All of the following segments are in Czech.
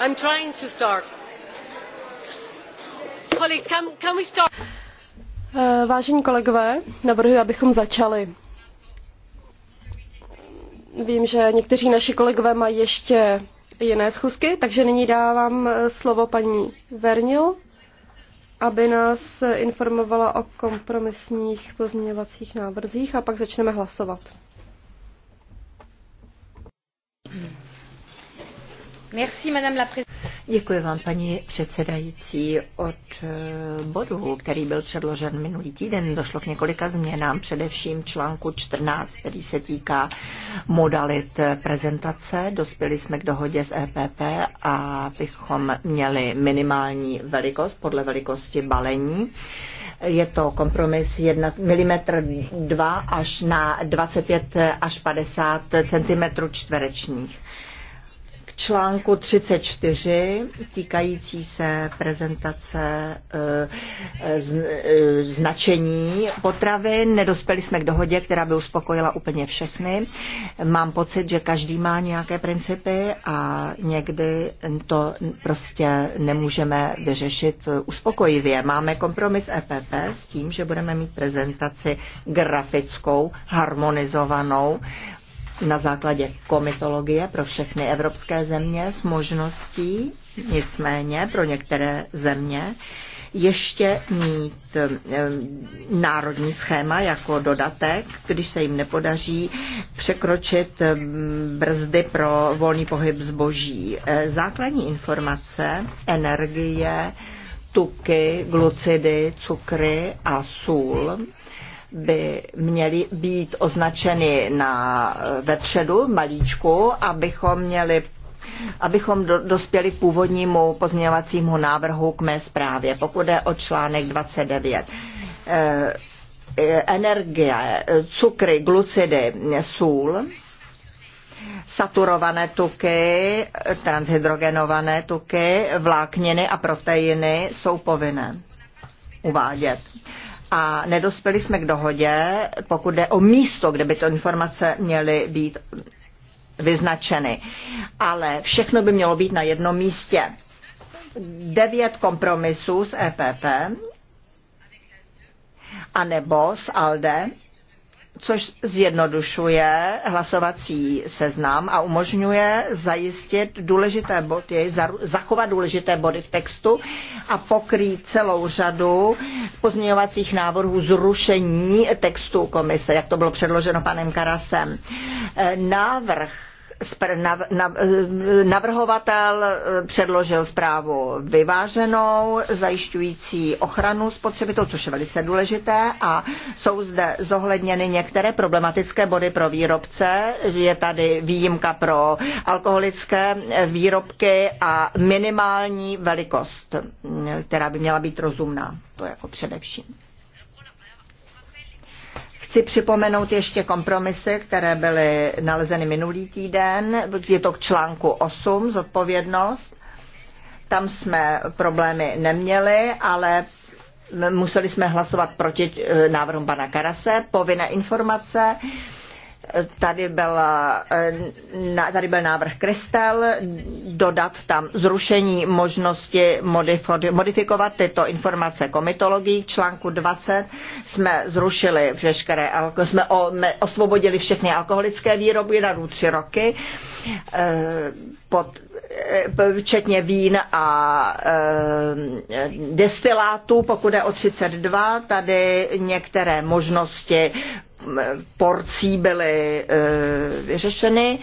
I'm trying to start. Colleagues, can, can we start? Eh, vážení kolegové, navrhuji, abychom začali. Vím, že někteří naši kolegové mají ještě jiné schůzky, takže nyní dávám eh, slovo paní Vernil, aby nás eh, informovala o kompromisních pozměňovacích návrzích a pak začneme hlasovat. Děkuji vám, paní předsedající. Od eh, bodu, který byl předložen minulý týden, došlo k několika změnám, především článku 14, který se týká modalit prezentace. Dospěli jsme k dohodě s EPP a bychom měli minimální velikost podle velikosti balení. Je to kompromis 1 mm 2 až na 25 až 50 cm čtverečních článku 34 týkající se prezentace eh, eh, eh, značení potravin. Nedospěli jsme k dohodě, která by uspokojila úplně všechny. Mám pocit, že každý má nějaké principy a někdy to prostě nemůžeme vyřešit uspokojivě. Máme kompromis EPP s tím, že budeme mít prezentaci grafickou, harmonizovanou na základě komitologie pro všechny evropské země s možností, nicméně pro některé země, ještě mít eh, národní schéma jako dodatek, když se jim nepodaří překročit eh, brzdy pro volný pohyb zboží. Eh, základní informace, energie, tuky, glucidy, cukry a sůl by měly být označeny na eh, vepředu malíčku, abychom měli abychom do, dospěli k původnímu pozměňovacímu návrhu k mé zprávě, pokud je o článek 29. E, eh, eh, energie, cukry, glucidy, sůl, saturované tuky, transhydrogenované tuky, vlákniny a proteiny jsou povinné uvádět a nedospěli jsme k dohodě, pokud jde o místo, kde by to informace měly být vyznačeny. Ale všechno by mělo být na jednom místě. Devět kompromisů s EPP a nebo s ALDE což zjednodušuje hlasovací seznam a umožňuje zajistit důležité body, zachovat důležité body v textu a pokrýt celou řadu pozměňovacích návrhů zrušení textu komise, jak to bylo předloženo panem Karasem. E, návrh navrhovatel eh, předložil zprávu vyváženou, zajišťující ochranu spotřebitelů, což je velice důležité a jsou zde zohledněny některé problematické body pro výrobce. Je tady výjimka pro alkoholické eh, výrobky a minimální velikost, mm, která by měla být rozumná. To jako především. Chci připomenout ještě kompromisy, které byly nalezeny minulý týden. Je to k článku 8, zodpovědnost. Tam jsme problémy neměli, ale museli jsme hlasovat proti eh, návrhům pana Karase, povinné informace. Tady, byla, tady byl návrh Kristel dodat tam zrušení možnosti modifikovat tyto informace komitologií. článku 20 jsme zrušili všechny, jsme osvobodili všechny alkoholické výroby na tři roky, eh, pod, eh, včetně vín a eh, destilátů. Pokud je o 32, tady některé možnosti porcí byly eh, vyřešeny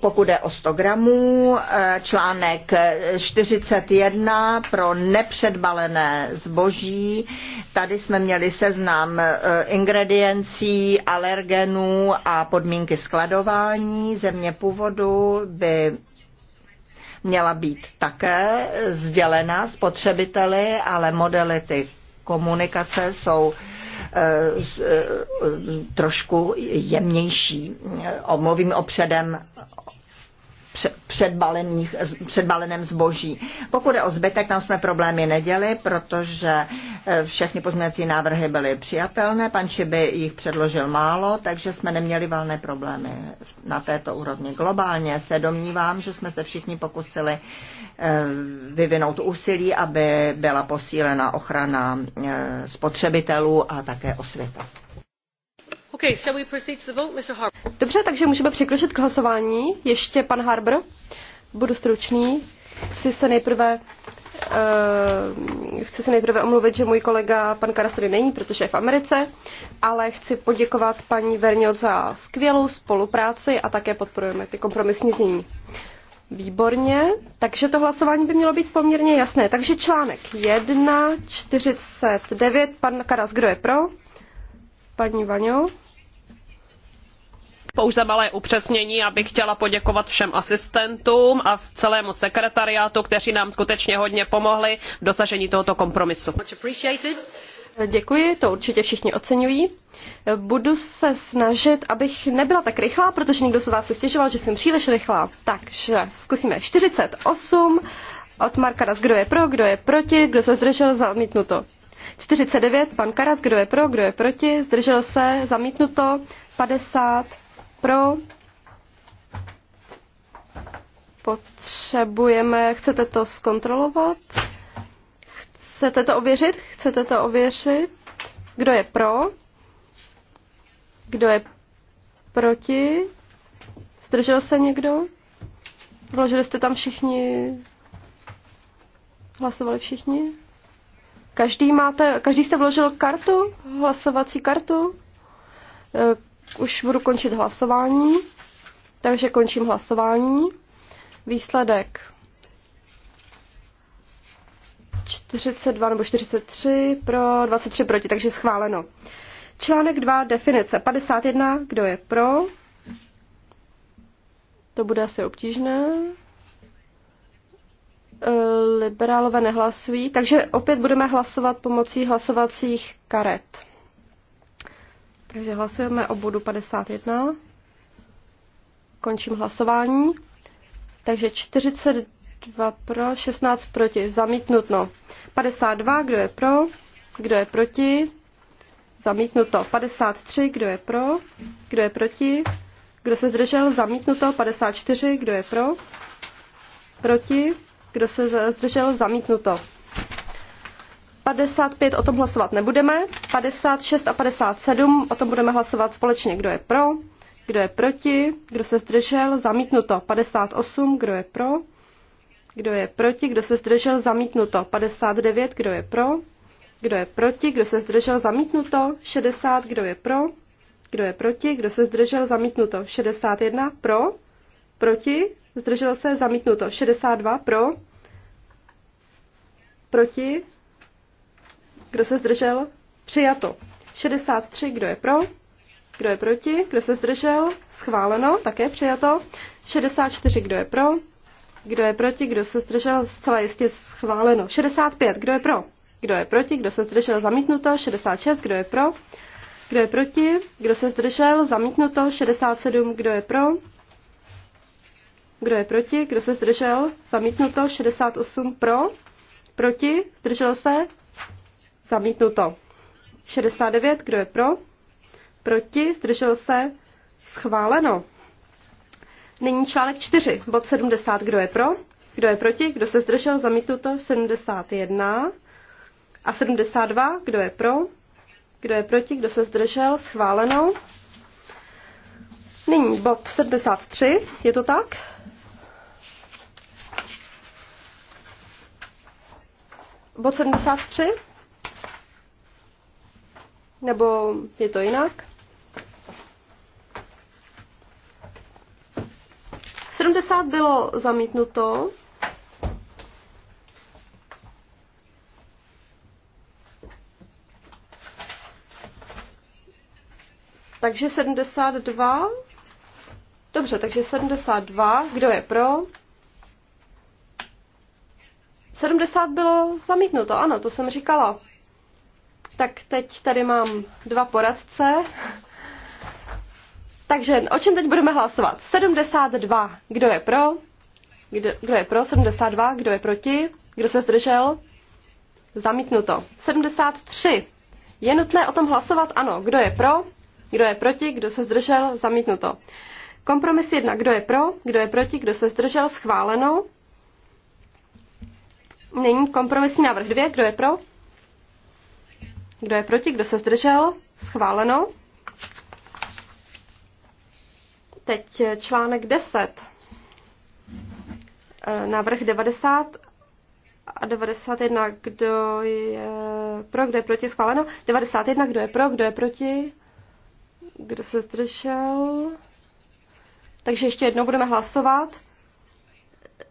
pokud je o 100 gramů, eh, článek 41 pro nepředbalené zboží. Tady jsme měli seznam eh, ingrediencí, alergenů a podmínky skladování. Země původu by měla být také sdělena spotřebiteli, ale modely ty komunikace jsou uh, Eh, trošku jemnější. Omluvím opředem předbalených, předbaleném zboží. Pokud je o zbytek, tam jsme problémy neděli, protože eh, všechny pozměňovací návrhy byly přijatelné, pan Šiby jich předložil málo, takže jsme neměli valné problémy na této úrovni. Globálně se domnívám, že jsme se všichni pokusili eh, vyvinout úsilí, aby byla posílena ochrana eh, spotřebitelů a také osvěta. Dobře, takže můžeme přikročit k hlasování. Ještě pan Harbour. Budu stručný. Chci se nejprve uh, chci se nejprve omluvit, že můj kolega pan Karas tady není, protože je v Americe, ale chci poděkovat paní Verňot za skvělou spolupráci a také podporujeme ty kompromisní znění. Výborně, takže to hlasování by mělo být poměrně jasné. Takže článek 1, 49, pan Karas, kdo je pro? Paní Vaňo. Pouze malé upřesnění, abych chtěla poděkovat všem asistentům a celému sekretariátu, kteří nám skutečně hodně pomohli v dosažení tohoto kompromisu. Děkuji, to určitě všichni oceňují. Budu se snažit, abych nebyla tak rychlá, protože někdo z vás se stěžoval, že jsem příliš rychlá. Takže zkusíme 48 od Marka Raz, kdo je pro, kdo je proti, kdo se zdržel, zamítnuto. 49, pan Karas, kdo je pro, kdo je proti, zdržel se, zamítnuto. 50, pro. Potřebujeme, chcete to zkontrolovat? Chcete to ověřit? Chcete to ověřit? Kdo je pro? Kdo je proti? Zdržel se někdo? Vložili jste tam všichni? Hlasovali všichni? Každý máte, každý jste vložil kartu, hlasovací kartu? Už budu končit hlasování, takže končím hlasování. Výsledek 42 nebo 43 pro 23 proti, takže schváleno. Článek 2, definice 51, kdo je pro? To bude asi obtížné. E, liberálové nehlasují, takže opět budeme hlasovat pomocí hlasovacích karet. Takže hlasujeme o bodu 51. Končím hlasování. Takže 42 pro, 16 proti. Zamítnutno. 52, kdo je pro, kdo je proti. Zamítnuto. 53, kdo je pro, kdo je proti. Kdo se zdržel? Zamítnuto. 54, kdo je pro, proti. Kdo se zdržel? Zamítnuto. 55 o tom hlasovat nebudeme, 56 a 57 o tom budeme hlasovat společně, kdo je pro, kdo je proti, kdo se zdržel, zamítnuto, 58, kdo je pro, kdo je proti, kdo se zdržel, zamítnuto, 59, kdo je pro, kdo je proti, kdo se zdržel, zamítnuto, 60, kdo je pro, kdo je proti, kdo se zdržel, zamítnuto, 61, pro, proti, zdržel se, zamítnuto, 62, pro, proti, kdo se zdržel? Přijato. 63, kdo je pro? Kdo je proti? Kdo se zdržel? Schváleno, také přijato. 64, kdo je pro? Kdo je proti? Kdo se zdržel? Zcela jistě schváleno. 65, kdo je pro? Kdo je proti? Kdo se zdržel? Zamítnuto. 66, kdo je pro? Kdo je proti? Kdo se zdržel? Zamítnuto. 67, kdo je pro? Kdo je proti? Kdo se zdržel? Zamítnuto. 68 pro. Proti? Zdržel se? Zamítnuto. 69, kdo je pro? Proti, zdržel se, schváleno. Nyní článek 4, bod 70, kdo je pro? Kdo je proti? Kdo se zdržel? Zamítnuto 71. A 72, kdo je pro? Kdo je proti? Kdo se zdržel? Schváleno. Nyní bod 73, je to tak? Bod 73? Nebo je to jinak? 70 bylo zamítnuto. Takže 72. Dobře, takže 72. Kdo je pro? 70 bylo zamítnuto, ano, to jsem říkala. Tak teď tady mám dva poradce. Takže o čem teď budeme hlasovat? 72. Kdo je pro? Kdo, kdo je pro? 72. Kdo je proti? Kdo se zdržel? Zamítnuto. 73. Je nutné o tom hlasovat? Ano. Kdo je pro? Kdo je proti? Kdo se zdržel? Zamítnuto. Kompromis 1. Kdo je pro? Kdo je proti? Kdo se zdržel? Schváleno. Není kompromisní návrh 2. Kdo je pro? Kdo je proti? Kdo se zdržel? Schváleno. Teď článek 10. Eh, návrh 90 a 91. Kdo je pro? Kdo je proti? Schváleno. 91. Kdo je pro? Kdo je proti? Kdo se zdržel? Takže ještě jednou budeme hlasovat.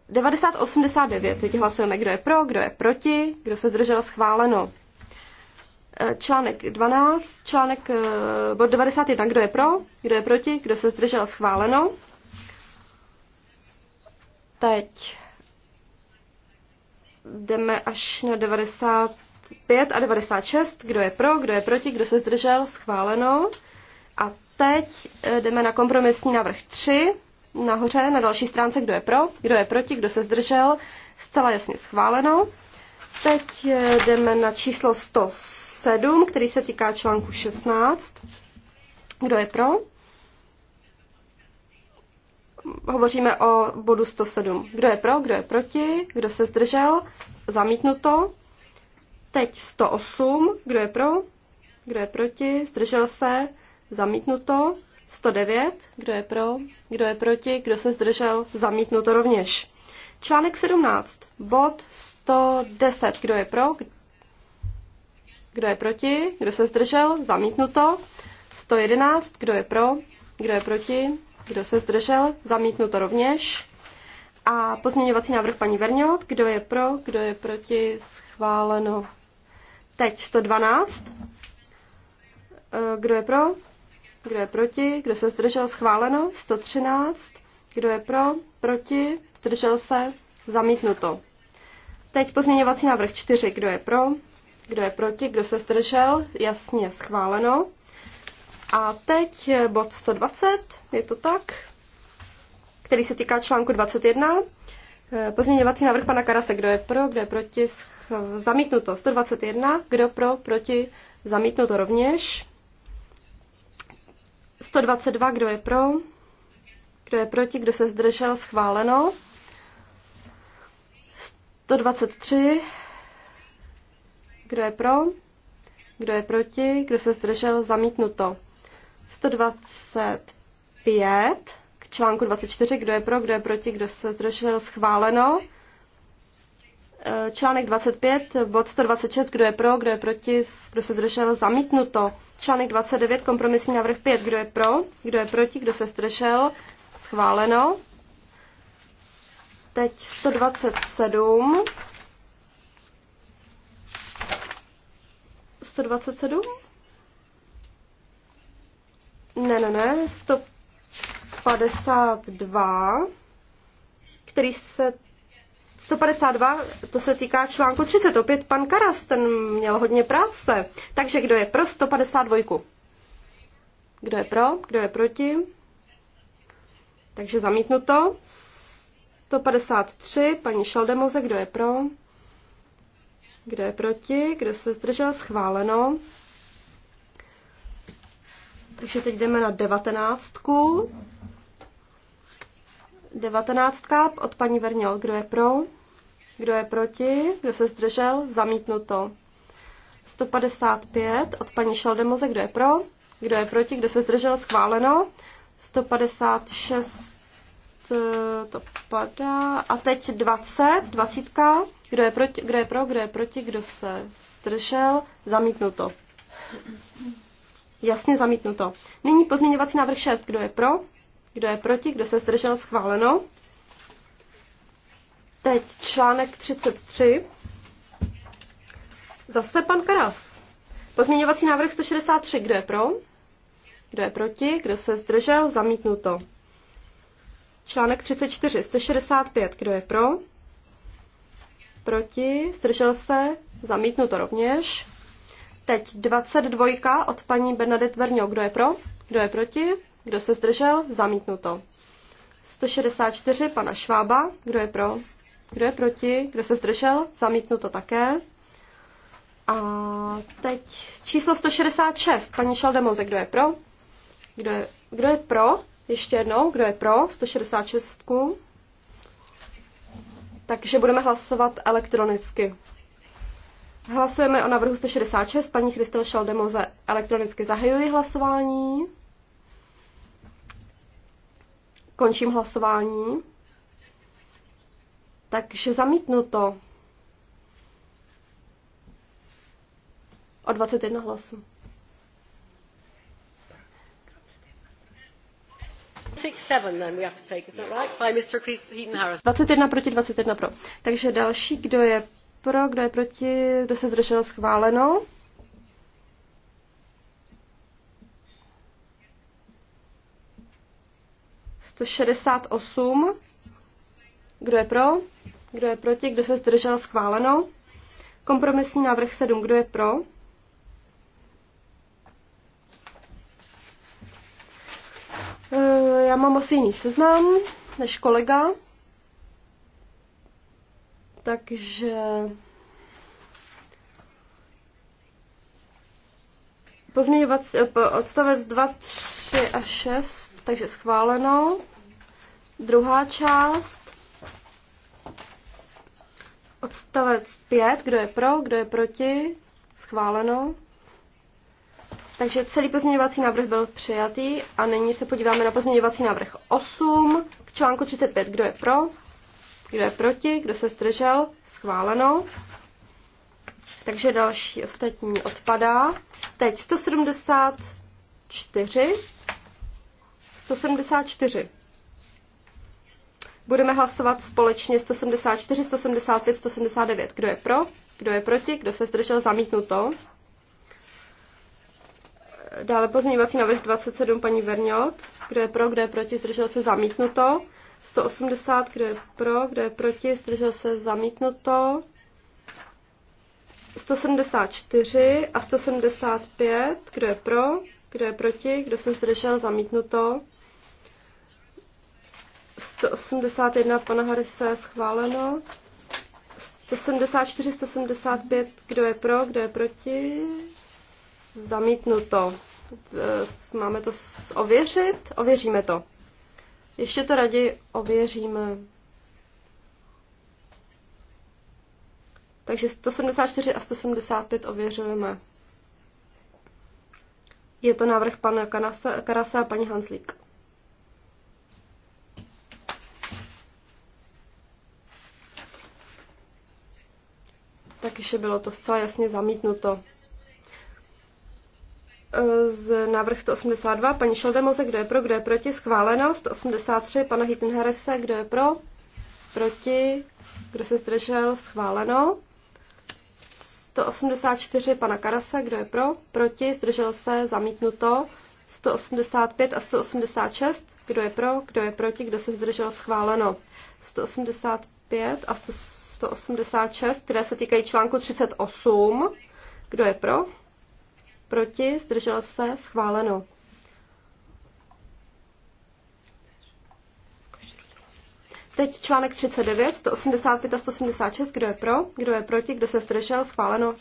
90, 89. Teď hlasujeme, kdo je pro, kdo je proti, kdo se zdržel schváleno. Eh, článek 12, článek eh, bod 91, kdo je pro, kdo je proti, kdo se zdržel schváleno. Teď jdeme až na 95 a 96, kdo je pro, kdo je proti, kdo se zdržel schváleno. A teď eh, jdeme na kompromisní návrh 3, nahoře, na další stránce, kdo je pro, kdo je proti, kdo se zdržel, zcela jasně schváleno. Teď jdeme na číslo 100. 7, který se týká článku 16. Kdo je pro? Hovoříme o bodu 107. Kdo je pro, kdo je proti, kdo se zdržel, zamítnuto. Teď 108. Kdo je pro, kdo je proti, zdržel se, zamítnuto. 109. Kdo je pro, kdo je proti, kdo se zdržel, zamítnuto rovněž. Článek 17. Bod 110. Kdo je pro, kdo je proti? Kdo se zdržel? Zamítnuto. 111. Kdo je pro? Kdo je proti? Kdo se zdržel? Zamítnuto rovněž. A pozměňovací návrh paní Verňot. Kdo je pro? Kdo je proti? Schváleno. Teď 112. Eh, kdo je pro? Kdo je proti? Kdo se zdržel? Schváleno. 113. Kdo je pro? Proti? Zdržel se? Zamítnuto. Teď pozměňovací návrh 4. Kdo je pro? Kdo je proti? Kdo se zdržel? Jasně schváleno. A teď eh, bod 120, je to tak, který se týká článku 21. Eh, pozměňovací návrh pana Karase, kdo je pro, kdo je proti, zamítnuto 121, kdo pro, proti, zamítnuto rovněž. 122, kdo je pro, kdo je proti, kdo se zdržel, schváleno. 123, kdo je pro? Kdo je proti? Kdo se zdržel? Zamítnuto. 125 k článku 24. Kdo je pro? Kdo je proti? Kdo se zdržel? Schváleno. E, článek 25, bod 126, kdo je pro, kdo je proti, kdo se zdržel, zamítnuto. Článek 29, kompromisní návrh 5, kdo je pro, kdo je proti, kdo se zdržel, schváleno. Teď 127. 127? Ne, ne, ne, 152, který se 152, to se týká článku 30, opět pan Karas, ten měl hodně práce. Takže kdo je pro 152? Kdo je pro, kdo je proti? Takže zamítnuto. 153, paní Šaldemoze, kdo je pro? Kdo je proti? Kdo se zdržel? Schváleno. Takže teď jdeme na devatenáctku. Devatenáctka od paní Verněl. Kdo je pro? Kdo je proti? Kdo se zdržel? Zamítnuto. 155 od paní Šaldemoze. Kdo je pro? Kdo je proti? Kdo se zdržel? Schváleno. 156 Eh, to padá. A teď 20, 20. Kdo je, proti, kdo je pro, kdo je proti, kdo se zdržel, zamítnuto. Jasně zamítnuto. Nyní pozměňovací návrh 6. Kdo je pro, kdo je proti, kdo se zdržel, schváleno. Teď článek 33. Zase pan Karas. Pozměňovací návrh 163. Kdo je pro? Kdo je proti? Kdo se zdržel? Zamítnuto. Článek 34, 165, kdo je pro? Proti, zdržel se, zamítnu to rovněž. Teď 22 od paní Bernadette Verňo, kdo je pro? Kdo je proti? Kdo se zdržel? zamítnu to. 164 pana Švába, kdo je pro? Kdo je proti? Kdo se zdržel? zamítnu to také. A teď číslo 166, paní Šaldemoze, kdo je pro? Kdo je, kdo je pro? Ještě jednou, kdo je pro 166? Takže budeme hlasovat elektronicky. Hlasujeme o návrhu 166. Paní Christel Šaldemoze elektronicky zahajuji hlasování. Končím hlasování. Takže zamítnu to. O 21 hlasů. 21 proti 21 pro. Takže další, kdo je pro, kdo je proti, kdo se zdržel schváleno. To 68. Kdo je pro? Kdo je proti? Kdo se zdržel schváleno? Kompromisní návrh 7. Kdo je pro? já mám asi jiný seznam než kolega. Takže pozměňovací eh, odstavec 2, 3 a 6, takže schváleno. Druhá část. Odstavec 5, kdo je pro, kdo je proti, schváleno. Takže celý pozměňovací návrh byl přijatý a nyní se podíváme na pozměňovací návrh 8 k článku 35. Kdo je pro? Kdo je proti? Kdo se zdržel? Schváleno. Takže další ostatní odpadá. Teď 174. 174. Budeme hlasovat společně 174, 175, 179. Kdo je pro? Kdo je proti? Kdo se zdržel? Zamítnuto. Dále pozměňovací návrh 27 paní Verňot. Kdo je pro, kdo je proti, zdržel se zamítnuto. 180, kdo je pro, kdo je proti, zdržel se zamítnuto. 174 a 175, kdo je pro, kdo je proti, kdo se zdržel, zamítnuto. 181 pana Harise schváleno. 174, 175, kdo je pro, kdo je proti, zamítnuto. Eh, máme to ověřit? Ověříme to. Ještě to raději ověříme. Takže 174 a 175 ověřujeme. Je to návrh pana Karasa, a paní Hanslík. Takže bylo to zcela jasně zamítnuto z návrh 182, paní Šeldemoze, kdo je pro, kdo je proti, schváleno, 183, pana Hittenherese, kdo je pro, proti, kdo se zdržel, schváleno, 184, pana Karase, kdo je pro, proti, zdržel se, zamítnuto, 185 a 186, kdo je pro, kdo je proti, kdo se zdržel, schváleno, 185 a 186, které se týkají článku 38, kdo je pro, proti, zdržel se, schváleno. Teď článek 39, 185 a 186, kdo je pro, kdo je proti, kdo se zdržel, schváleno.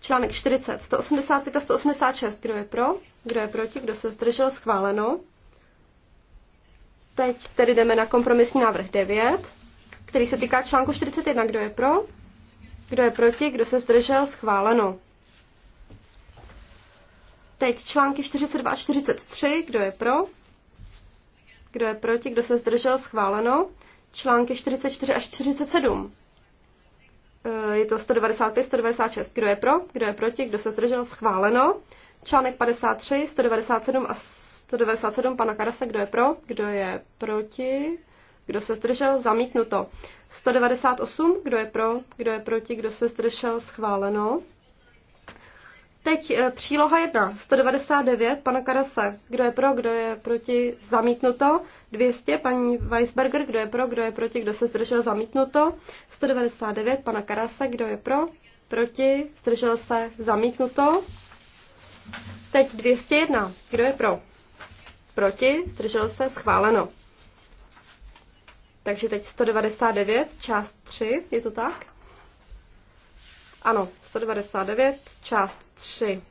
Článek 40, 185 a 186, kdo je pro, kdo je proti, kdo se zdržel, schváleno. Teď tedy jdeme na kompromisní návrh 9, který se týká článku 41, kdo je pro, kdo je proti, kdo se zdržel, schváleno. Teď články 42 a 43, kdo je pro? Kdo je proti? Kdo se zdržel? Schváleno. Články 44 až 47. Eh, je to 195, 196. Kdo je pro? Kdo je proti? Kdo se zdržel? Schváleno. Článek 53, 197 a 197 pana Karase. Kdo je pro? Kdo je proti? Kdo se zdržel? Zamítnuto. 198. Kdo je pro? Kdo je proti? Kdo se zdržel? Schváleno. Teď eh, příloha 1, 199, pana Karase. Kdo je pro, kdo je proti, zamítnuto. 200, paní Weisberger, kdo je pro, kdo je proti, kdo se zdržel, zamítnuto. 199, pana Karase, kdo je pro, proti, zdržel se, zamítnuto. Teď 201, kdo je pro, proti, zdržel se, schváleno. Takže teď 199, část 3, je to tak? Ano, 199, část 3.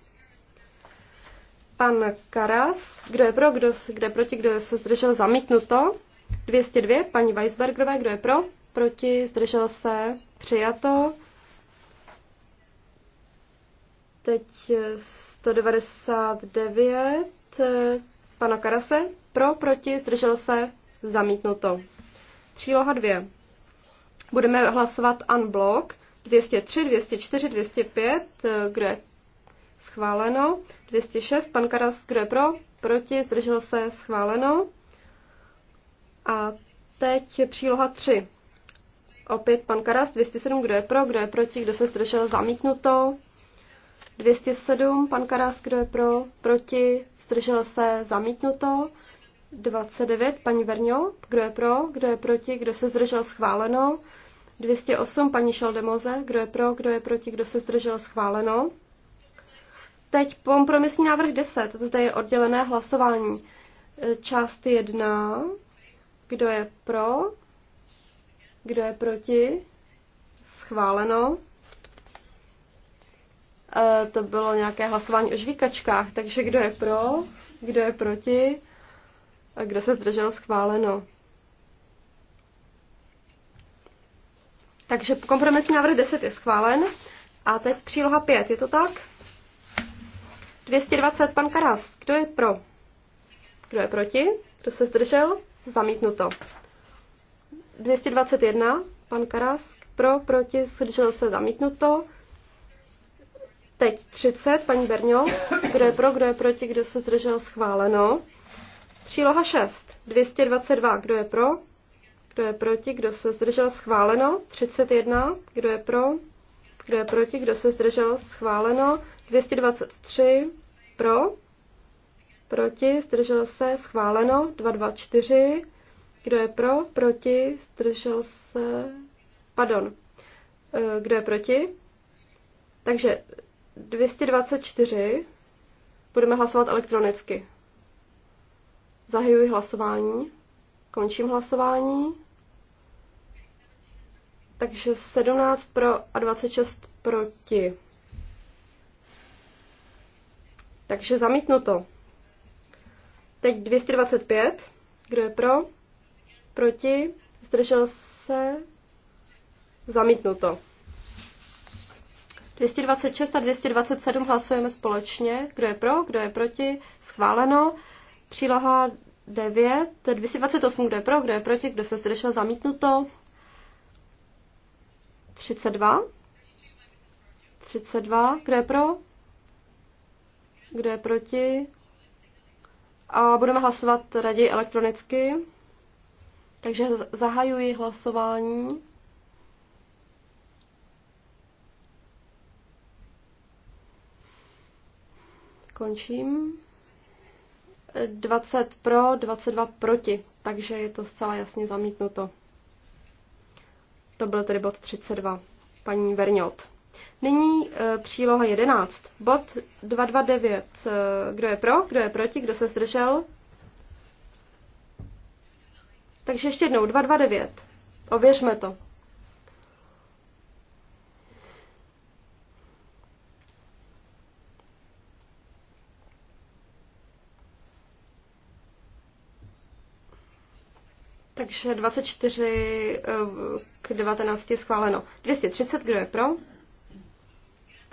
Pan Karas, kdo je pro, kdo, kde proti, kdo se zdržel, zamítnuto. 202, paní Weisbergerové, kdo je pro, proti, zdržel se, přijato. Teď 199, pana Karase, pro, proti, zdržel se, zamítnuto. Příloha 2. Budeme hlasovat unblock 203, 204, 205, kdo je schváleno, 206, pan Karas, kdo je pro, proti, zdržel se, schváleno. A teď příloha 3. Opět pan Karas, 207, kdo je pro, kdo je proti, kdo se zdržel, zamítnuto. 207, pan Karas, kdo je pro, proti, zdržel se, zamítnuto. 29, paní Verňo, kdo je pro, kdo je proti, kdo se zdržel, schváleno. 208, paní Šaldemoze, kdo je pro, kdo je proti, kdo se zdržel, schváleno. Teď kompromisní návrh 10, zde je oddělené hlasování. E, část 1, kdo je pro, kdo je proti, schváleno. E, to bylo nějaké hlasování o žvíkačkách, takže kdo je pro, kdo je proti, a kdo se zdržel, schváleno. Takže kompromisní návrh 10 je schválen. A teď příloha 5, je to tak? 220 pan Karas, kdo je pro? Kdo je proti? Kdo se zdržel? Zamítnuto. 221 pan Karas, pro, proti, zdržel se, zamítnuto. Teď 30, paní Berňo, kdo je pro, kdo je proti, kdo se zdržel, schváleno. Příloha 6, 222, kdo je pro, kdo je proti? Kdo se zdržel? Schváleno. 31. Kdo je pro? Kdo je proti? Kdo se zdržel? Schváleno. 223. Pro? Proti? Zdržel se? Schváleno. 224. Kdo je pro? Proti? Zdržel se? Pardon. Eh, kdo je proti? Takže 224. Budeme hlasovat elektronicky. Zahajuji hlasování. Končím hlasování. Takže 17 pro a 26 proti. Takže zamítnuto. Teď 225. Kdo je pro? Proti? Zdržel se? Zamítnuto. 226 a 227 hlasujeme společně. Kdo je pro? Kdo je proti? Schváleno. Příloha 9. 228. Kdo je pro? Kdo je proti? Kdo se zdržel? Zamítnuto. 32. 32. Kdo je pro? Kdo je proti? A budeme hlasovat raději elektronicky. Takže zahajuji hlasování. Končím. 20 pro, 22 proti, takže je to zcela jasně zamítnuto. To byl tedy bod 32. Paní Verňot. Nyní e, příloha 11. Bod 229. E, kdo je pro, kdo je proti, kdo se zdržel? Takže ještě jednou, 229. Ověřme to. Takže 24 eh, k 19 je schváleno. 230, kdo je pro?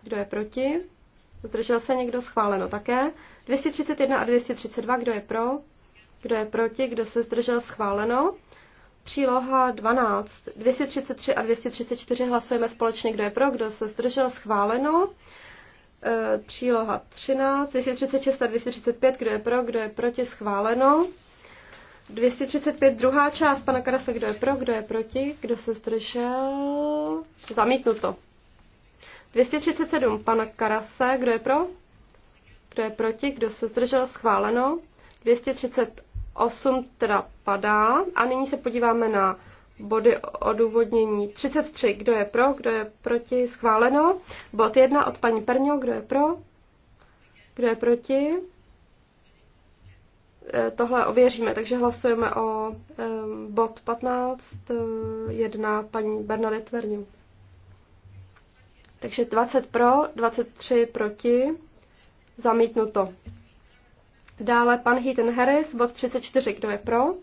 Kdo je proti? Zdržel se někdo? Schváleno také. 231 a 232, kdo je pro? Kdo je proti? Kdo se zdržel? Schváleno. Příloha 12. 233 a 234 hlasujeme společně, kdo je pro, kdo se zdržel, schváleno. Eh, příloha 13. 236 a 235, kdo je pro, kdo je proti, schváleno. 235, druhá část pana Karase, kdo je pro, kdo je proti, kdo se zdržel, zamítnuto. 237, pana Karase, kdo je pro, kdo je proti, kdo se zdržel, schváleno. 238 teda padá. A nyní se podíváme na body odůvodnění. 33, kdo je pro, kdo je proti, schváleno. Bod 1 od paní Perňo, kdo je pro, kdo je proti, Eh, tohle ověříme. Takže hlasujeme o bod 15, eh, jedna paní Bernadette Verniu. Takže 20 pro, 23 proti, zamítnuto. Dále pan Heaton Harris, bod 34, kdo je pro,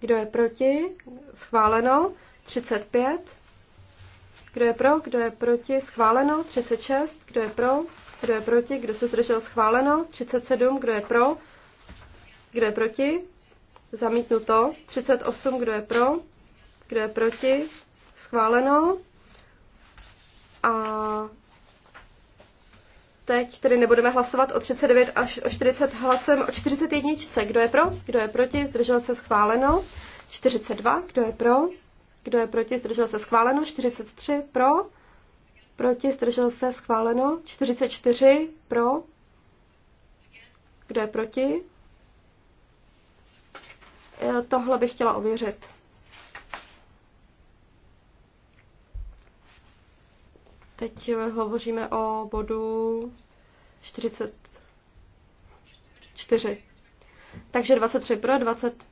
kdo je proti, schváleno, 35, kdo je pro, kdo je proti, schváleno, 36, kdo je pro, kdo je proti, kdo se zdržel, schváleno, 37, kdo je pro, kdo je proti? Zamítnuto. 38. Kdo je pro? Kdo je proti? Schváleno. A teď tedy nebudeme hlasovat o 39 až o 40. Hlasujeme o 41. Kdo je pro? Kdo je proti? Zdržel se schváleno. 42. Kdo je pro? Kdo je proti? Zdržel se schváleno. 43. Pro? Proti? Zdržel se schváleno. 44. Pro? Kdo je proti? tohle bych chtěla ověřit. Teď hovoříme o bodu 44. Takže 23 pro, 20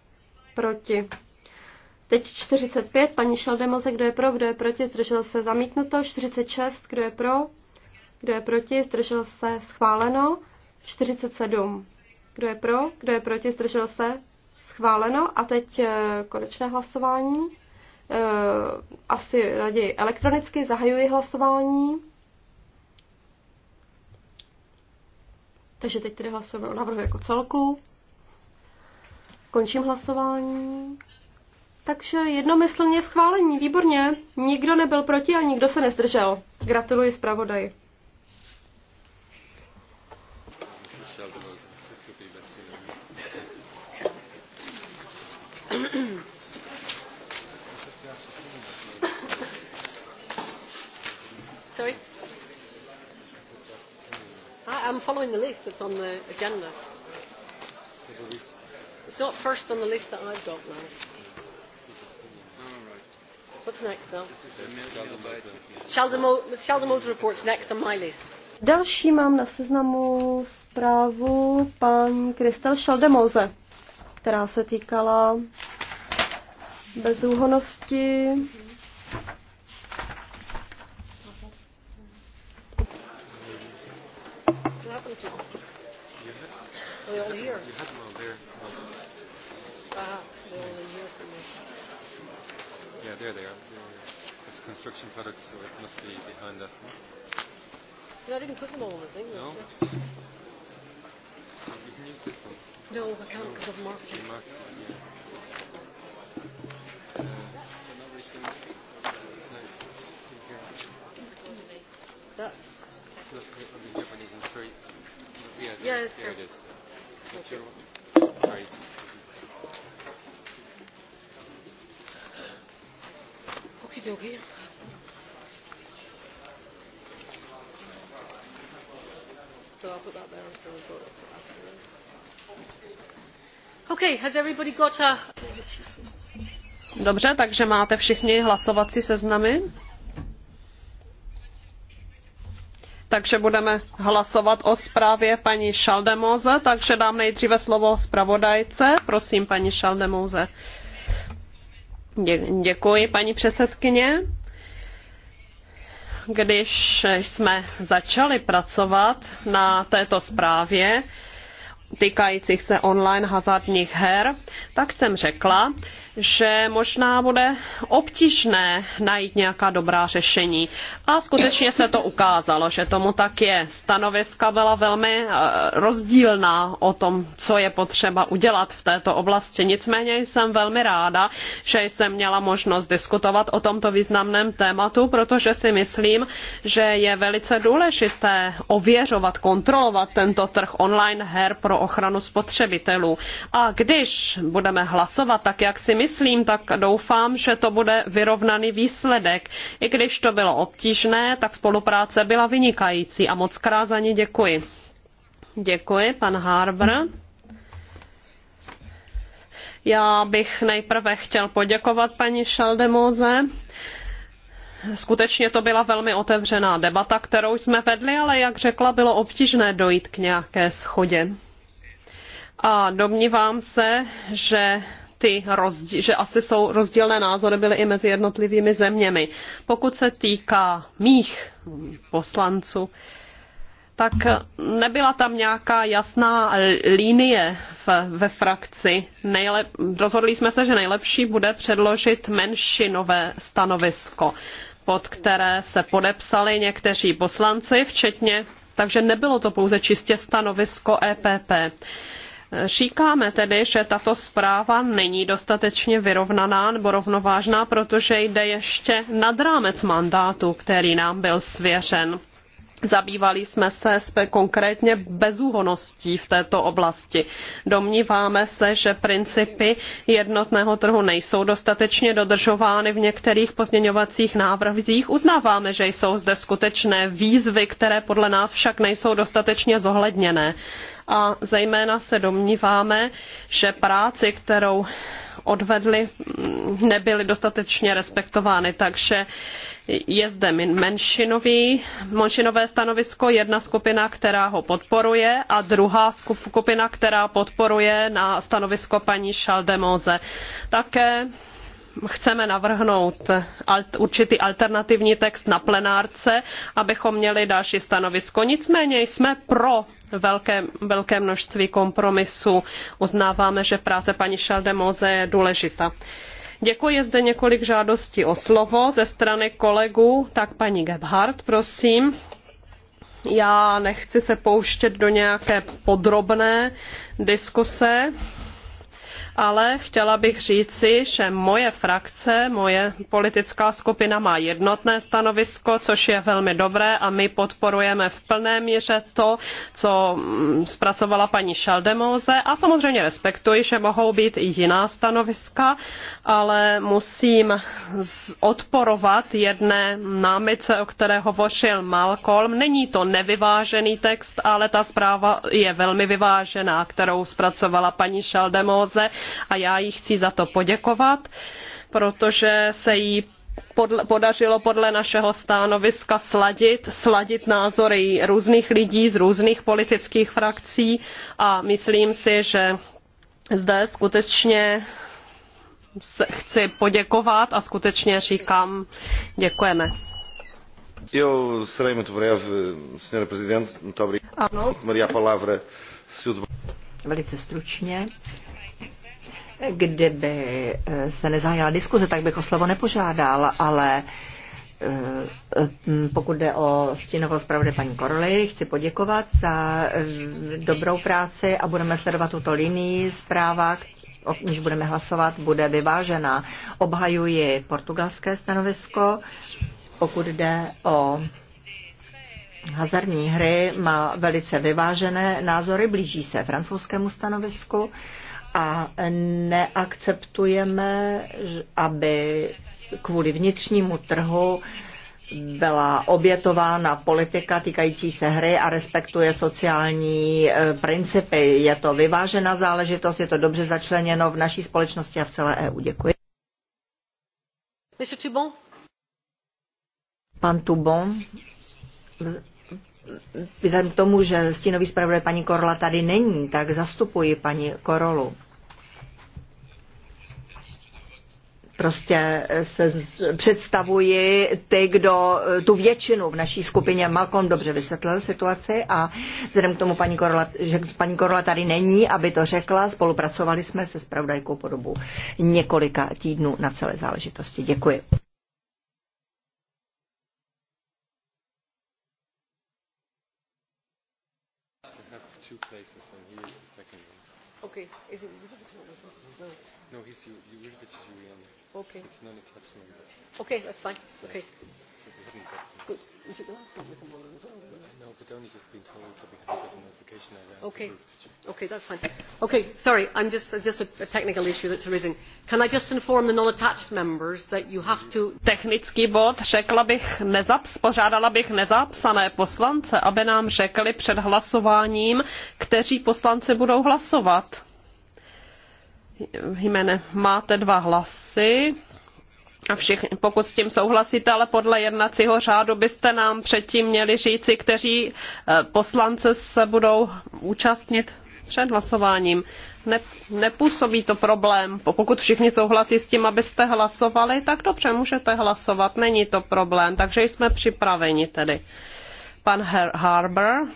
proti. Teď 45, paní Šeldemoze, kdo je pro, kdo je proti, zdržel se zamítnuto. 46, kdo je pro, kdo je proti, zdržel se schváleno. 47, kdo je pro, kdo je proti, zdržel se schváleno a teď eh, konečné hlasování. Eh, asi raději elektronicky zahajuji hlasování. Takže teď tedy hlasujeme o návrhu jako celku. Končím hlasování. Takže jednomyslně schválení, výborně. Nikdo nebyl proti a nikdo se nezdržel. Gratuluji zpravodaji. I'm following the list that's on the agenda. It's not first on the list that I've got now. What's next though? Shaldemo's report's next on my list. Další mám na seznamu zprávu pan Kristel Šaldemoze, která se týkala bezúhonosti had only one, years. You had one there. Ah, the only years in the... Yeah, there they are. it's construction products, so it must be behind that one. No, I didn't put them all in the thing. No. Just... You can use this one. No, I can't because no, I've marked it. Marked it yeah. That's. It's not, Yeah, there, there it is. Dobře, takže máte všichni hlasovací seznamy? takže budeme hlasovat o zprávě paní Šaldemóze, takže dám nejdříve slovo zpravodajce. Prosím, paní Dě- Děkuji, paní předsedkyně. Když jsme začali pracovat na této zprávě týkajících se online hazardních her, tak jsem řekla, že možná bude obtížné najít nějaká dobrá řešení. A skutečně se to ukázalo, že tomu tak je. Stanoviska byla velmi eh, rozdílná o tom, co je potřeba udělat v této oblasti. Nicméně jsem velmi ráda, že jsem měla možnost diskutovat o tomto významném tématu, protože si myslím, že je velice důležité ověřovat, kontrolovat tento trh online her pro ochranu spotřebitelů. A když budeme hlasovat tak, jak si myslím, tak doufám, že to bude vyrovnaný výsledek. I když to bylo obtížné, tak spolupráce byla vynikající a moc krát za ní děkuji. Děkuji, pan Harbour. Já bych nejprve chtěl poděkovat paní Šaldemoze. Skutečně to byla velmi otevřená debata, kterou jsme vedli, ale jak řekla, bylo obtížné dojít k nějaké schodě. A domnívám se, že ty rozdíl, že asi jsou rozdílné názory byly i mezi jednotlivými zeměmi. Pokud se týká mých poslanců, tak nebyla tam nějaká jasná linie v, ve frakci. Nejlep, rozhodli jsme se, že nejlepší bude předložit menšinové stanovisko, pod které se podepsali někteří poslanci, včetně, takže nebylo to pouze čistě stanovisko EPP. Říkáme tedy, že tato zpráva není dostatečně vyrovnaná nebo rovnovážná, protože jde ještě nad rámec mandátu, který nám byl svěřen Zabývali jsme se konkrétně bezúhoností v této oblasti. Domníváme se, že principy jednotného trhu nejsou dostatečně dodržovány v některých pozměňovacích návrzích. Uznáváme, že jsou zde skutečné výzvy, které podle nás však nejsou dostatečně zohledněné. A zejména se domníváme, že práci, kterou odvedli, nebyly dostatečně respektovány. Takže uh, je zde menšinové stanovisko, jedna skupina, která ho podporuje a druhá skupina, která podporuje na stanovisko paní šaldemose Také chceme navrhnout určitý alternativní text na plenárce, abychom měli další stanovisko. Nicméně jsme pro velké, velké množství kompromisů. Uznáváme, že práce paní Šaldemoze je důležitá. Děkuji, je zde několik žádostí o slovo ze strany kolegů. Tak paní Gebhardt, prosím. Já nechci se pouštět do nějaké podrobné diskuse ale chtěla bych říci, že moje frakce, moje politická skupina má jednotné stanovisko, což je velmi dobré a my podporujeme v plné míře to, co mm, zpracovala paní Schaldemose. a samozřejmě respektuji, že mohou být i jiná stanoviska, ale musím odporovat jedné námice, o které hovořil Malcolm. Není to nevyvážený text, ale ta zpráva je velmi vyvážená, kterou zpracovala paní Schaldemose a já jí chci za to poděkovat, protože se jí podle, podařilo podle našeho stanoviska sladit, sladit názory různých lidí z různých politických frakcí a myslím si, že zde skutečně se chci poděkovat a skutečně říkám děkujeme. Eu serei muito breve, Sra. Presidente. Muito obrigado. Ano. Maria, a palavra. Velice stručně. Kdyby eh, se nezahájila diskuze, tak bych o slovo nepožádal, ale eh, eh, pokud jde o stínovou zpravodaj paní Korly, chci poděkovat za dobrou práci a budeme sledovat tuto linii zpráva, o níž budeme hlasovat, bude vyvážena. Obhajuji portugalské stanovisko, pokud jde o hazardní hry, má velice vyvážené názory, blíží se francouzskému stanovisku a neakceptujeme, aby kvůli vnitřnímu trhu byla obětována politika týkající se hry a respektuje sociální e, principy. Je to vyvážená záležitost, je to dobře začleněno v naší společnosti a v celé EU. Děkuji. Pan Tubon, vzhledem k tomu, že stínový zpravodaj paní Korola tady není, tak zastupuji paní Korolu. Prostě se představuji ty, kdo tu většinu v naší skupině Malcolm dobře vysvětlil situaci a vzhledem k tomu, paní Korola, že paní Korola tady není, aby to řekla, spolupracovali jsme se spravodajkou po dobu několika týdnů na celé záležitosti. Děkuji. your decision, Leanne. Okay. It's not a touch number. Okay, that's fine. Okay. Good. We should ask them with the model as No, but only just been told that we haven't got a notification. I've asked okay. The Okay, that's fine. Okay, sorry, I'm just, just a, a technical issue that's arisen. Can I just inform the non-attached members that you have to... Technický bod, řekla bych, nezaps, požádala bych nezapsané poslance, aby nám řekli před hlasováním, kteří poslanci budou hlasovat Jimene, máte dva hlasy. A všichni, pokud s tím souhlasíte, ale podle jednacího řádu byste nám předtím měli říci, kteří eh, poslance se budou účastnit před hlasováním. Ne, nepůsobí to problém. Pokud všichni souhlasí s tím, abyste hlasovali, tak dobře, můžete hlasovat, není to problém. Takže jsme připraveni tedy. Pan Harbour,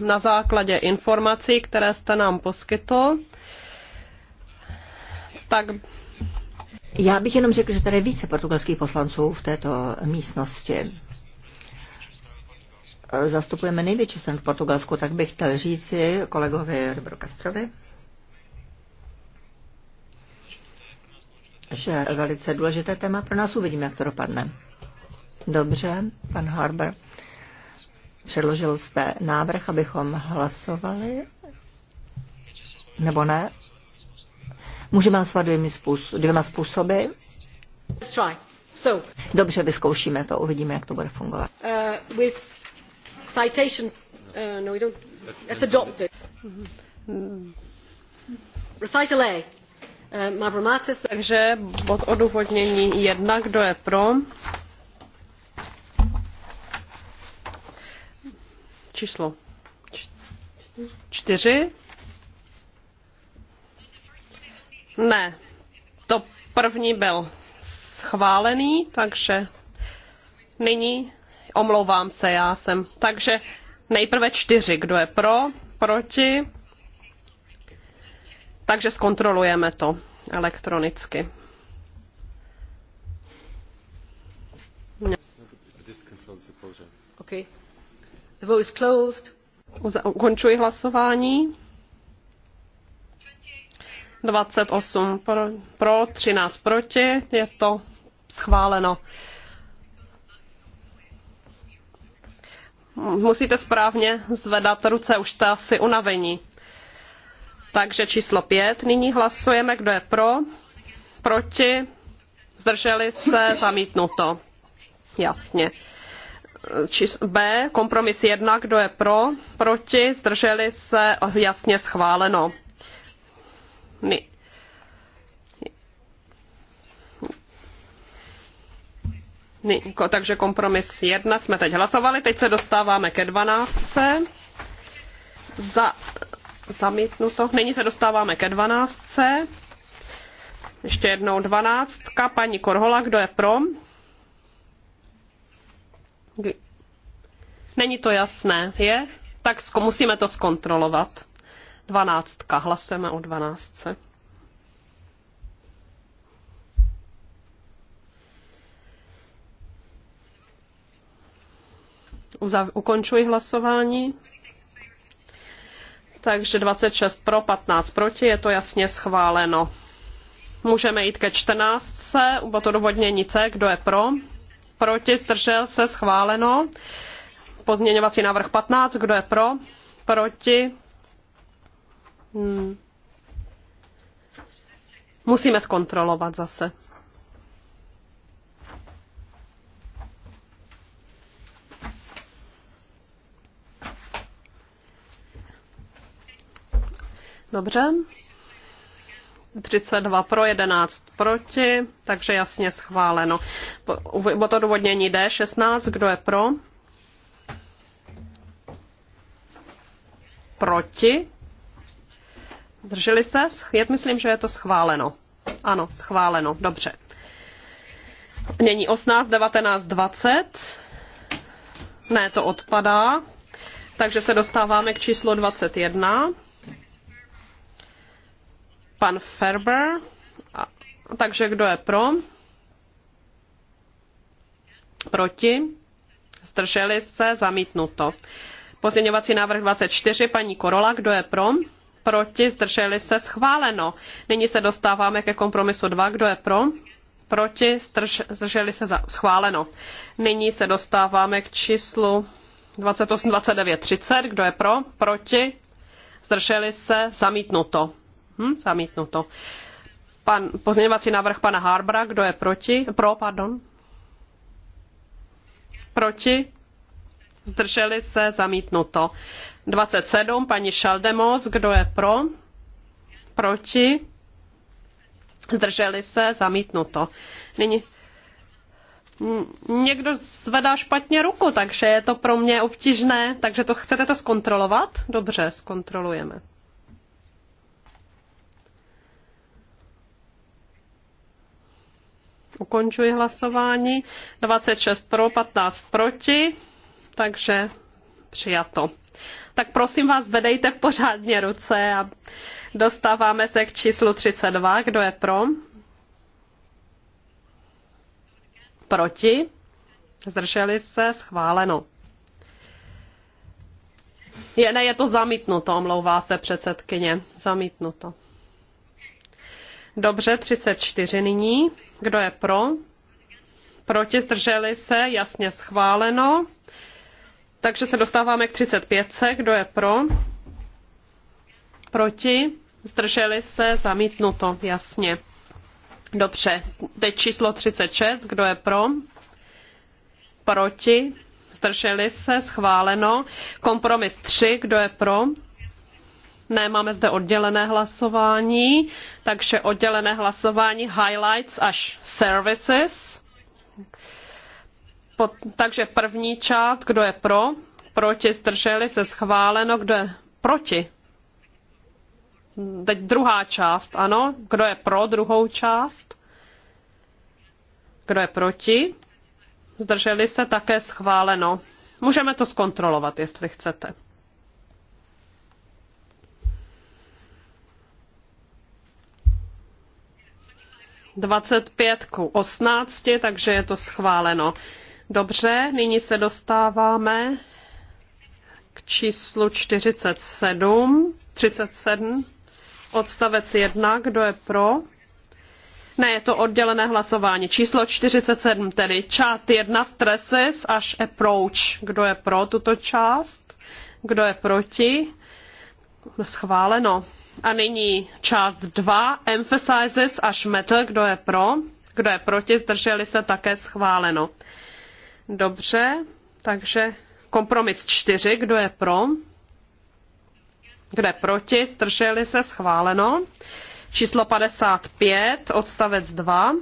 na základě informací, které jste nám poskytl, tak já bych jenom řekl, že tady je více portugalských poslanců v této místnosti. Zastupujeme největší stranu v Portugalsku, tak bych chtěl říci kolegovi Rebro Castrovi, že velice důležité téma pro nás uvidíme, jak to dopadne. Dobře, pan Harber, předložil jste návrh, abychom hlasovali, nebo ne? Můžeme hlasovat dvěma, způsob, dvěma způsoby. Dobře, vyzkoušíme to, uvidíme, jak to bude fungovat. Uh, with citation, uh, no, we don't, that's adopted. Recital A. Uh, Mavromatis. Takže bod odůvodnění jedna, kdo je pro? Číslo čtyři. Ne, to první byl schválený, takže nyní omlouvám se, já jsem. Takže nejprve čtyři, kdo je pro, proti. Takže zkontrolujeme to elektronicky. Okay. The vote is closed. Ukončuji hlasování. 28 pro, pro 13 proti, je to schváleno. Musíte správně zvedat ruce, už jste asi unavení. Takže číslo 5. Nyní hlasujeme, kdo je pro, proti, zdrželi se, zamítnuto. Jasně. B, kompromis 1, kdo je pro, proti, zdrželi se, jasně schváleno my takže kompromis 1 jsme teď hlasovali, teď se dostáváme ke 12. Za, zamítnuto. Nyní se dostáváme ke 12. Ještě jednou 12. Paní Korhola, kdo je pro? Není to jasné, je? Tak musíme to zkontrolovat. Dvanáctka. Hlasujeme o dvanáctce. Uzav- ukončuji hlasování. Takže 26 pro, 15 proti, je to jasně schváleno. Můžeme jít ke 14. U to dovodnění C, kdo je pro? Proti, zdržel se, schváleno. Pozměňovací návrh 15, kdo je pro? Proti, Hmm. Musíme zkontrolovat zase. Dobře. 32 pro, 11 proti, takže jasně schváleno. Bo to důvodnění D16, kdo je pro? Proti. Drželi se? Já myslím, že je to schváleno. Ano, schváleno. Dobře. Mění 18, 19, 20. Ne, to odpadá. Takže se dostáváme k číslu 21. Pan Ferber. A, Takže kdo je pro? Proti? Zdrželi se? Zamítnuto. Pozměňovací návrh 24, paní Korola, kdo je pro? proti, zdrželi se, schváleno. Nyní se dostáváme ke kompromisu 2, kdo je pro, proti, zdrž, zdrželi se, za, schváleno. Nyní se dostáváme k číslu 28, 29, 30, kdo je pro, proti, zdrželi se, zamítnuto. Hm? Zamítnuto. Pan, pozměňovací návrh pana Harbra, kdo je proti? Pro, pardon. Proti? Zdrželi se, zamítnuto. 27, paní Šaldemos, kdo je pro? Proti? Zdrželi se, zamítnuto. Nyní někdo zvedá špatně ruku, takže je to pro mě obtížné. Takže to chcete to zkontrolovat? Dobře, zkontrolujeme. Ukončuji hlasování. 26 pro, 15 proti. Takže přijato. Tak prosím vás, vedejte pořádně ruce a dostáváme se k číslu 32. Kdo je pro? Proti? Zdrželi se? Schváleno. Je, ne, je to zamítnuto, omlouvá se předsedkyně. Zamítnuto. Dobře, 34 nyní. Kdo je pro? Proti zdrželi se, jasně schváleno. Takže se dostáváme k 35. Kdo je pro? Proti? Zdrželi se? Zamítnuto. Jasně. Dobře. Teď číslo 36. Kdo je pro? Proti? Zdrželi se? Schváleno. Kompromis 3. Kdo je pro? Ne, máme zde oddělené hlasování, takže oddělené hlasování highlights až services takže první část, kdo je pro, proti, zdrželi se schváleno, kdo je proti. Teď druhá část, ano, kdo je pro druhou část, kdo je proti, zdrželi se také schváleno. Můžeme to zkontrolovat, jestli chcete. Dvacet pět ku osmnácti, takže je to schváleno. Dobře, nyní se dostáváme k číslu 47, 37, odstavec 1, kdo je pro? Ne, je to oddělené hlasování. Číslo 47, tedy část 1, stresses až approach. Kdo je pro tuto část? Kdo je proti? Schváleno. A nyní část 2, emphasizes až metal. Kdo je pro? Kdo je proti? Zdrželi se také schváleno. Dobře, takže kompromis čtyři, kdo je pro? Kdo je proti? Strželi se, schváleno. Číslo 55, odstavec 2.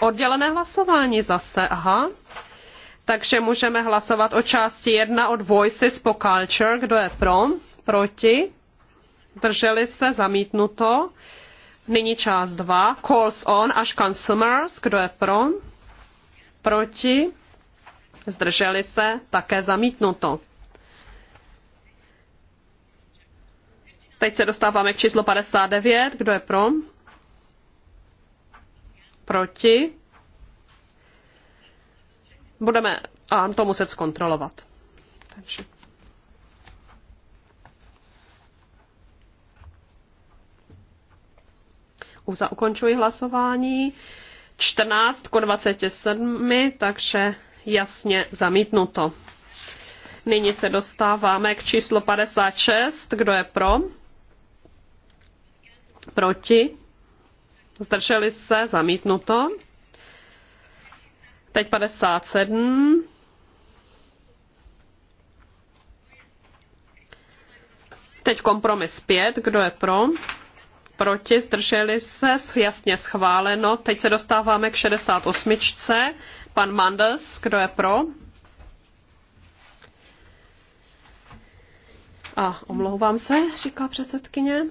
Oddělené hlasování zase, aha. Takže můžeme hlasovat o části 1 od Voices po Culture. Kdo je pro? Proti? Drželi se? Zamítnuto. Nyní část 2. Calls on až consumers. Kdo je pro? proti, zdrželi se, také zamítnuto. Teď se dostáváme k číslu 59. Kdo je pro? Proti? Budeme a to muset zkontrolovat. Takže. Uza, ukončuji hlasování. 14 k 27, takže jasně zamítnuto. Nyní se dostáváme k číslu 56. Kdo je pro? Proti? Zdrželi se? Zamítnuto. Teď 57. Teď kompromis 5. Kdo je pro? proti, zdrželi se, jasně schváleno. Teď se dostáváme k 68. Pan Mandels, kdo je pro? A omlouvám se, říká předsedkyně.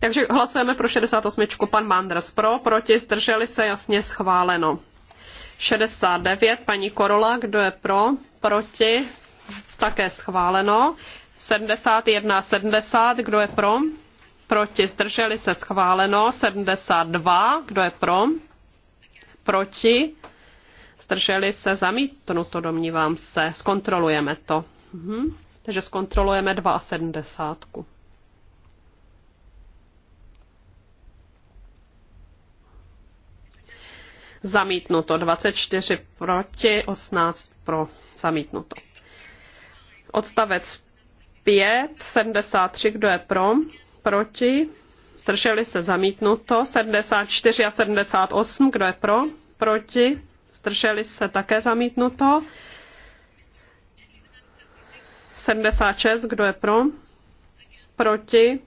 Takže hlasujeme pro 68. Pan Mandras pro, proti, zdrželi se, jasně schváleno. 69. Paní Korola, kdo je pro, proti, také schváleno. 71. 70. Kdo je pro, proti, zdrželi se, schváleno. 72. Kdo je pro, proti, zdrželi se, zamítnuto, domnívám se. Zkontrolujeme to. Mhm. Takže zkontrolujeme 72. Zamítnuto 24 proti, 18 pro zamítnuto. Odstavec 5, 73, kdo je pro, proti, zdrželi se zamítnuto, 74 a 78, kdo je pro, proti, zdrželi se také zamítnuto, 76, kdo je pro, proti,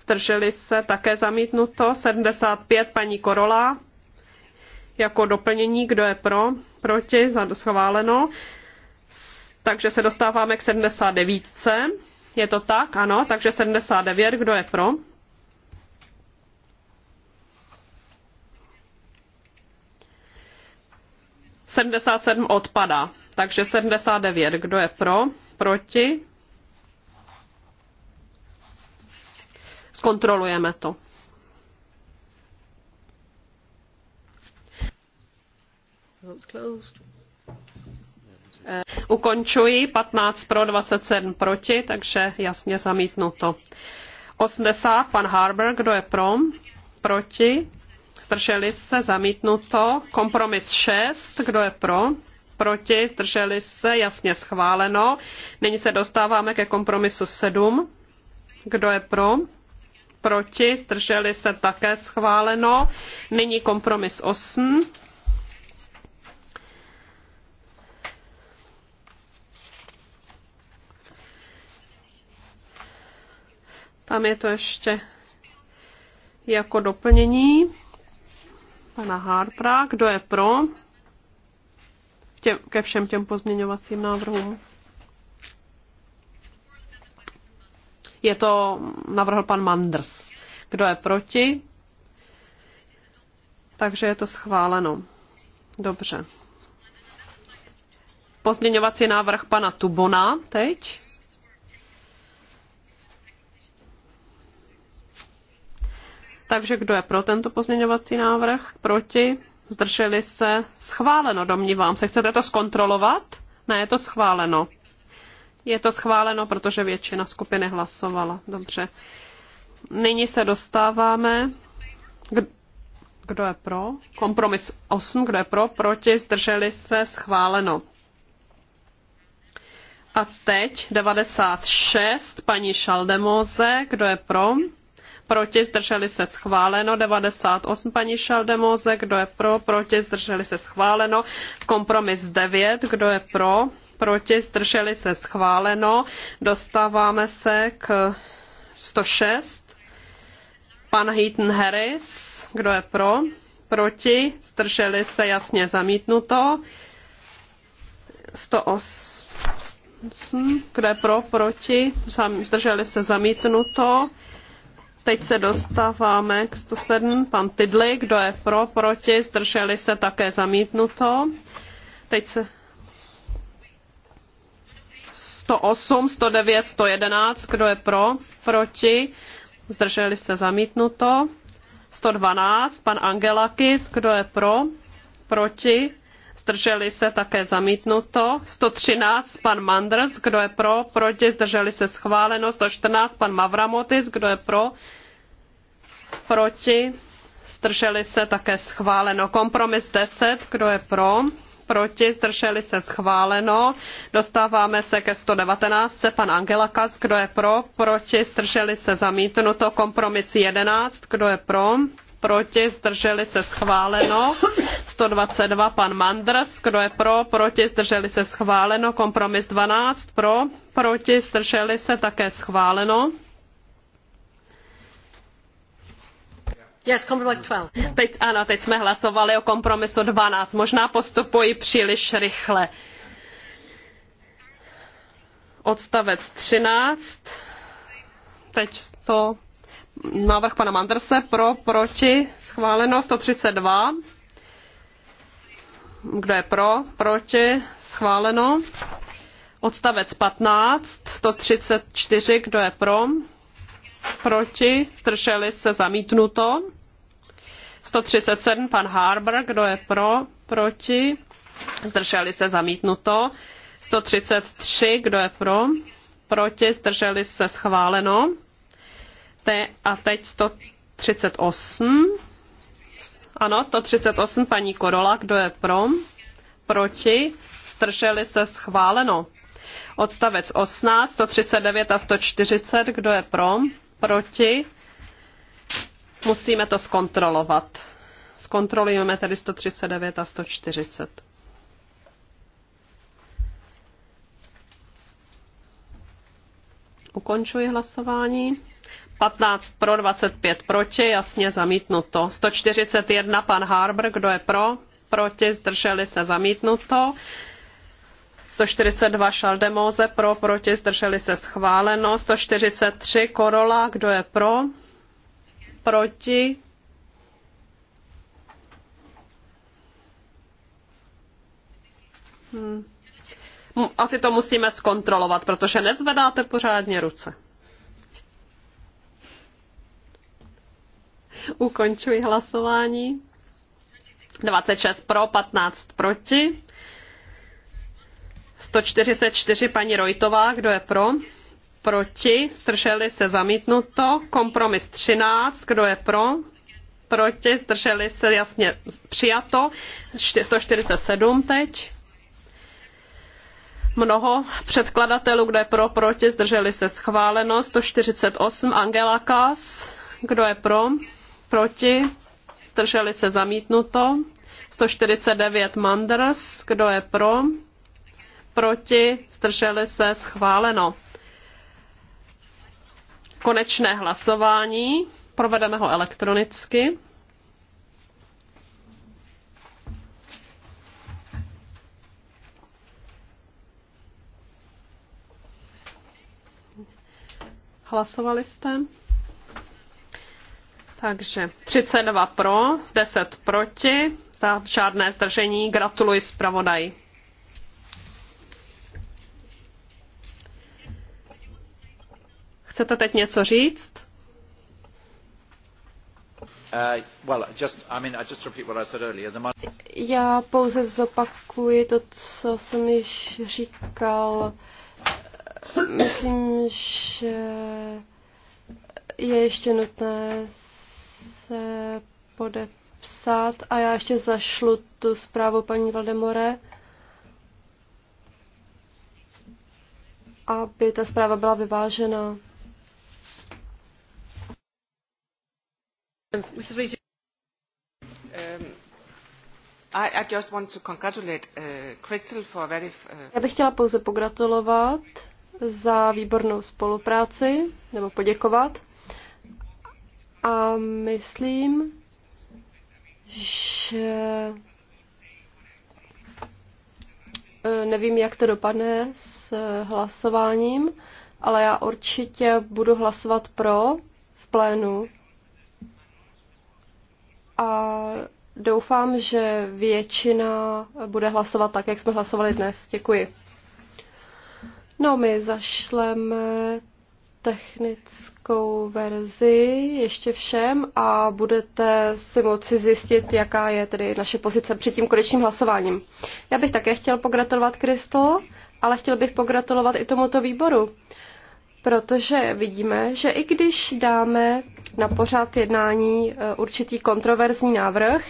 zdrželi se také zamítnuto, 75 paní Korola, jako doplnění, kdo je pro, proti, schváleno. Takže se dostáváme k 79. Je to tak? Ano, takže 79, kdo je pro? Sedmdesát sedm odpadá, takže sedmdesát devět. Kdo je pro? Proti? Zkontrolujeme to. Uh, ukončuji 15 pro 27 proti, takže jasně zamítnuto. 80, pan Harber, kdo je pro? Proti? Zdrželi se, zamítnuto. Kompromis 6, kdo je pro? Proti, zdrželi se, jasně schváleno. Nyní se dostáváme ke kompromisu 7. Kdo je pro? Proti, zdrželi se, také schváleno. Nyní kompromis 8. Tam je to ještě jako doplnění pana Harpra. Kdo je pro? Těm, ke všem těm pozměňovacím návrhům. Je to, navrhl pan Manders. Kdo je proti? Takže je to schváleno. Dobře. Pozměňovací návrh pana Tubona teď. Takže kdo je pro tento pozměňovací návrh? Proti? Zdrželi se? Schváleno, domnívám se. Chcete to zkontrolovat? Ne, je to schváleno. Je to schváleno, protože většina skupiny hlasovala. Dobře. Nyní se dostáváme. Kdo je pro? Kompromis 8. Kdo je pro? Proti? Zdrželi se? Schváleno. A teď 96. Paní Šaldemoze. Kdo je pro? proti, zdrželi se schváleno, 98 paní Šaldemoze, kdo je pro, proti, zdrželi se schváleno, kompromis 9, kdo je pro, proti, zdrželi se schváleno, dostáváme se k 106, pan Heaton Harris, kdo je pro, proti, zdrželi se jasně zamítnuto, 108, kdo je pro, proti, zdrželi se zamítnuto, Teď se dostáváme k 107. Pan Tydli, kdo je pro, proti, zdrželi se také zamítnuto. Teď se 108, 109, 111, kdo je pro, proti, zdrželi se zamítnuto. 112, pan Angelakis, kdo je pro, proti, zdrželi se také zamítnuto. 113 pan Manders, kdo je pro, proti, zdrželi se schváleno. 114 pan Mavramotis, kdo je pro, proti, zdrželi se také schváleno. Kompromis 10, kdo je pro, proti, zdrželi se schváleno. Dostáváme se ke 119, pan Angela Kas, kdo je pro, proti, zdrželi se zamítnuto. Kompromis 11, kdo je pro, proti, zdrželi se schváleno. 122 pan Mandras, kdo je pro, proti, zdrželi se schváleno. Kompromis 12 pro, proti, zdrželi se také schváleno. Yes, compromise 12. Teď, ano, teď jsme hlasovali o kompromisu 12. Možná postupuji příliš rychle. Odstavec 13. Teď to návrh pana Manderse pro, proti, schváleno 132. Kdo je pro, proti, schváleno. Odstavec 15, 134, kdo je pro, proti, zdrželi se zamítnuto. 137, pan Harbour, kdo je pro, proti, zdrželi se zamítnuto. 133, kdo je pro, proti, zdrželi se schváleno te, a teď 138. Ano, 138 paní Korola, kdo je pro? Proti? Strželi se schváleno. Odstavec 18, 139 a 140, kdo je pro? Proti? Musíme to zkontrolovat. Zkontrolujeme tedy 139 a 140. Ukončuji hlasování. 15 pro, 25 proti, jasně zamítnuto. 141 pan Harbour, kdo je pro, proti, zdrželi se zamítnuto. 142 Šaldemóze pro, proti, zdrželi se schváleno. 143 Korola, kdo je pro, proti. Hmm. Asi to musíme zkontrolovat, protože nezvedáte pořádně ruce. Ukončuji hlasování. 26 pro, 15 proti. 144 paní Rojtová, kdo je pro? Proti, zdrželi se zamítnuto. Kompromis 13, kdo je pro? Proti, zdrželi se jasně přijato. 147 teď. Mnoho předkladatelů, kdo je pro, proti, zdrželi se schváleno. 148 Angela Kass, kdo je pro? proti, zdrželi se zamítnuto, 149 Manders, kdo je pro, proti, zdrželi se schváleno. Konečné hlasování, provedeme ho elektronicky. Hlasovali jste? Takže 32 pro, 10 proti, za žádné zdržení. Gratuluji zpravodaj. Chcete teď něco říct? Uh, Já pouze zopakuji to, co jsem již říkal. Myslím, že je ještě nutné se podepsat a já ještě zašlu tu zprávu paní Valdemore, aby ta zpráva byla vyvážena. Um, uh, uh, já bych chtěla pouze pogratulovat za výbornou spolupráci, nebo poděkovat. A myslím, že e, nevím, jak to dopadne s hlasováním, ale já určitě budu hlasovat pro v plénu. A doufám, že většina bude hlasovat tak, jak jsme hlasovali dnes. Děkuji. No, my zašleme technickou verzi ještě všem a budete si moci zjistit, jaká je tedy naše pozice před tím konečným hlasováním. Já bych také chtěl pogratulovat Kristo, ale chtěl bych pogratulovat i tomuto výboru, protože vidíme, že i když dáme na pořád jednání eh, určitý kontroverzní návrh,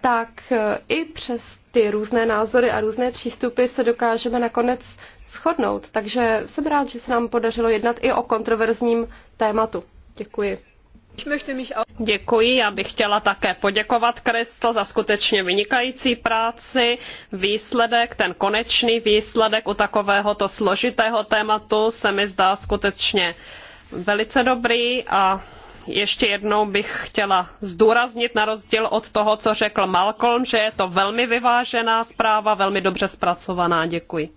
tak eh, i přes ty různé názory a různé přístupy se dokážeme nakonec shodnout. Takže jsem rád, že se nám podařilo jednat i o kontroverzním tématu. Děkuji. Děkuji, já bych chtěla také poděkovat Kristl za skutečně vynikající práci. Výsledek, ten konečný výsledek u takovéhoto složitého tématu se mi zdá skutečně velice dobrý a ještě jednou bych chtěla zdůraznit na rozdíl od toho, co řekl Malcolm, že je to velmi vyvážená zpráva, velmi dobře zpracovaná. Děkuji.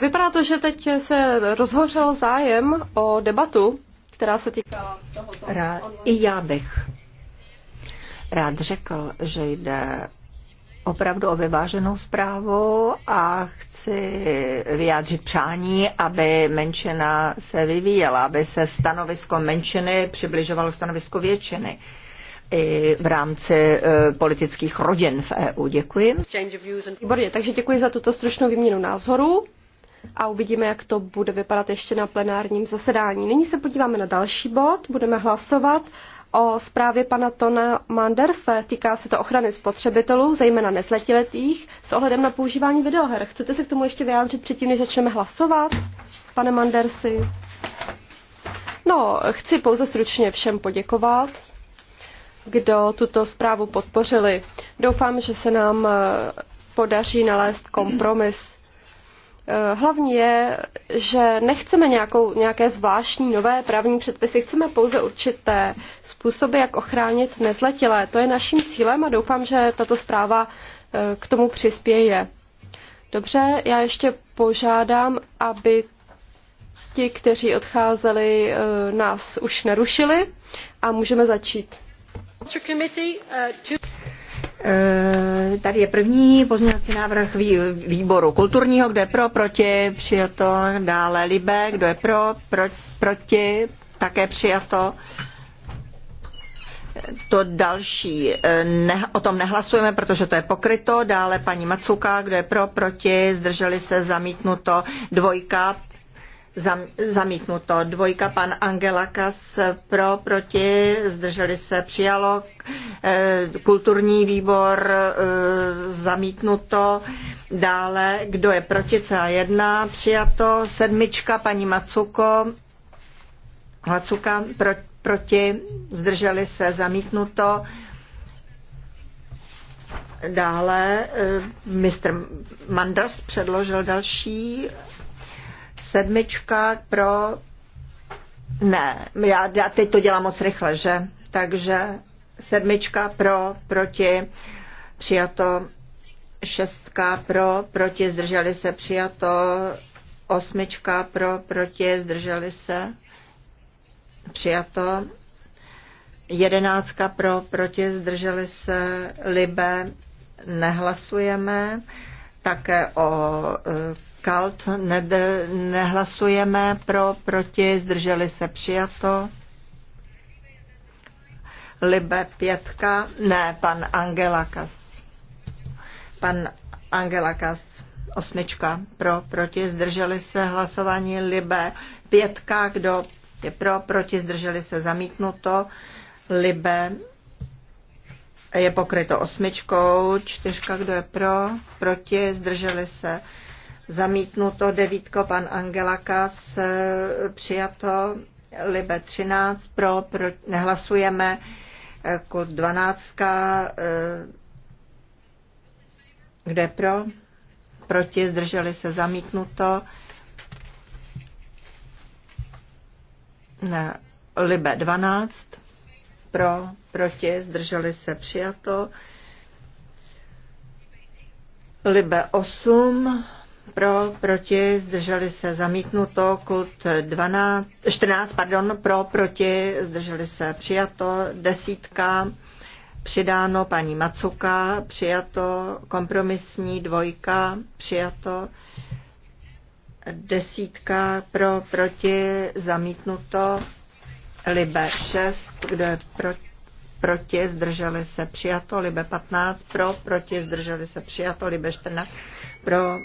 Vypadá to, že teď se rozhořel zájem o debatu, která se týká tohoto. I já bych rád řekl, že jde opravdu o vyváženou zprávu a chci vyjádřit přání, aby menšina se vyvíjela, aby se stanovisko menšiny přibližovalo stanovisku většiny i v rámci e, politických rodin v EU. Děkuji. Výborně, takže děkuji za tuto stručnou výměnu názoru a uvidíme, jak to bude vypadat ještě na plenárním zasedání. Nyní se podíváme na další bod, budeme hlasovat o zprávě pana Tona Manderse. Týká se to ochrany spotřebitelů, zejména nezletiletých, s ohledem na používání videoher. Chcete se k tomu ještě vyjádřit předtím, než začneme hlasovat, pane Mandersi? No, chci pouze stručně všem poděkovat, kdo tuto zprávu podpořili. Doufám, že se nám eh, podaří nalézt kompromis Eh, hlavní je, že nechceme nějakou, nějaké zvláštní nové právní předpisy, chceme pouze určité způsoby, jak ochránit nezletilé. To je naším cílem a doufám, že tato zpráva eh, k tomu přispěje. Dobře, já ještě požádám, aby ti, kteří odcházeli, eh, nás už nerušili a můžeme začít. Eh, tady je první pozměňovací návrh výboru kulturního, kdo je pro, proti, přijato, dále Libe, kdo je pro, pro proti, také přijato. To další, eh, ne, o tom nehlasujeme, protože to je pokryto. Dále paní Macuka, kdo je pro, proti, zdrželi se, zamítnuto. Dvojka, zamítnuto. Dvojka pan Angelakas pro, proti, zdrželi se, přijalo. Eh, kulturní výbor eh, zamítnuto. Dále, kdo je proti C1, přijato. Sedmička paní Macuko, Macuka pro, proti, zdrželi se, zamítnuto. Dále, eh, mistr Mandras předložil další Sedmička pro... Ne, já, já teď to dělám moc rychle, že? Takže sedmička pro, proti, přijato. Šestka pro, proti, zdrželi se, přijato. Osmička pro, proti, zdrželi se, přijato. Jedenáctka pro, proti, zdrželi se, libe, nehlasujeme. Také o e, Kalt, nehlasujeme pro, proti, zdrželi se přijato. Libe pětka, ne, pan Angelakas. Pan Angelakas, osmička, pro, proti, zdrželi se hlasování Libe pětka, kdo je pro, proti, zdrželi se zamítnuto. Libe je pokryto osmičkou, čtyřka, kdo je pro, proti, zdrželi se zamítnuto, devítko pan Angelakas, eh, přijato, Libe 13, pro, pro nehlasujeme, jako eh, 12, eh, kde pro, proti, zdrželi se zamítnuto, ne, Libe 12, pro, proti, zdrželi se přijato, Libe 8, pro, proti, zdrželi se zamítnuto, kult 12, 14, pardon, pro, proti, zdrželi se přijato, desítka, přidáno paní Macuka, přijato, kompromisní dvojka, přijato, desítka pro, proti, zamítnuto, libe 6, kdo je proti, proti, zdrželi se přijato, libe 15, pro, proti, zdrželi se přijato, libe 14, pro,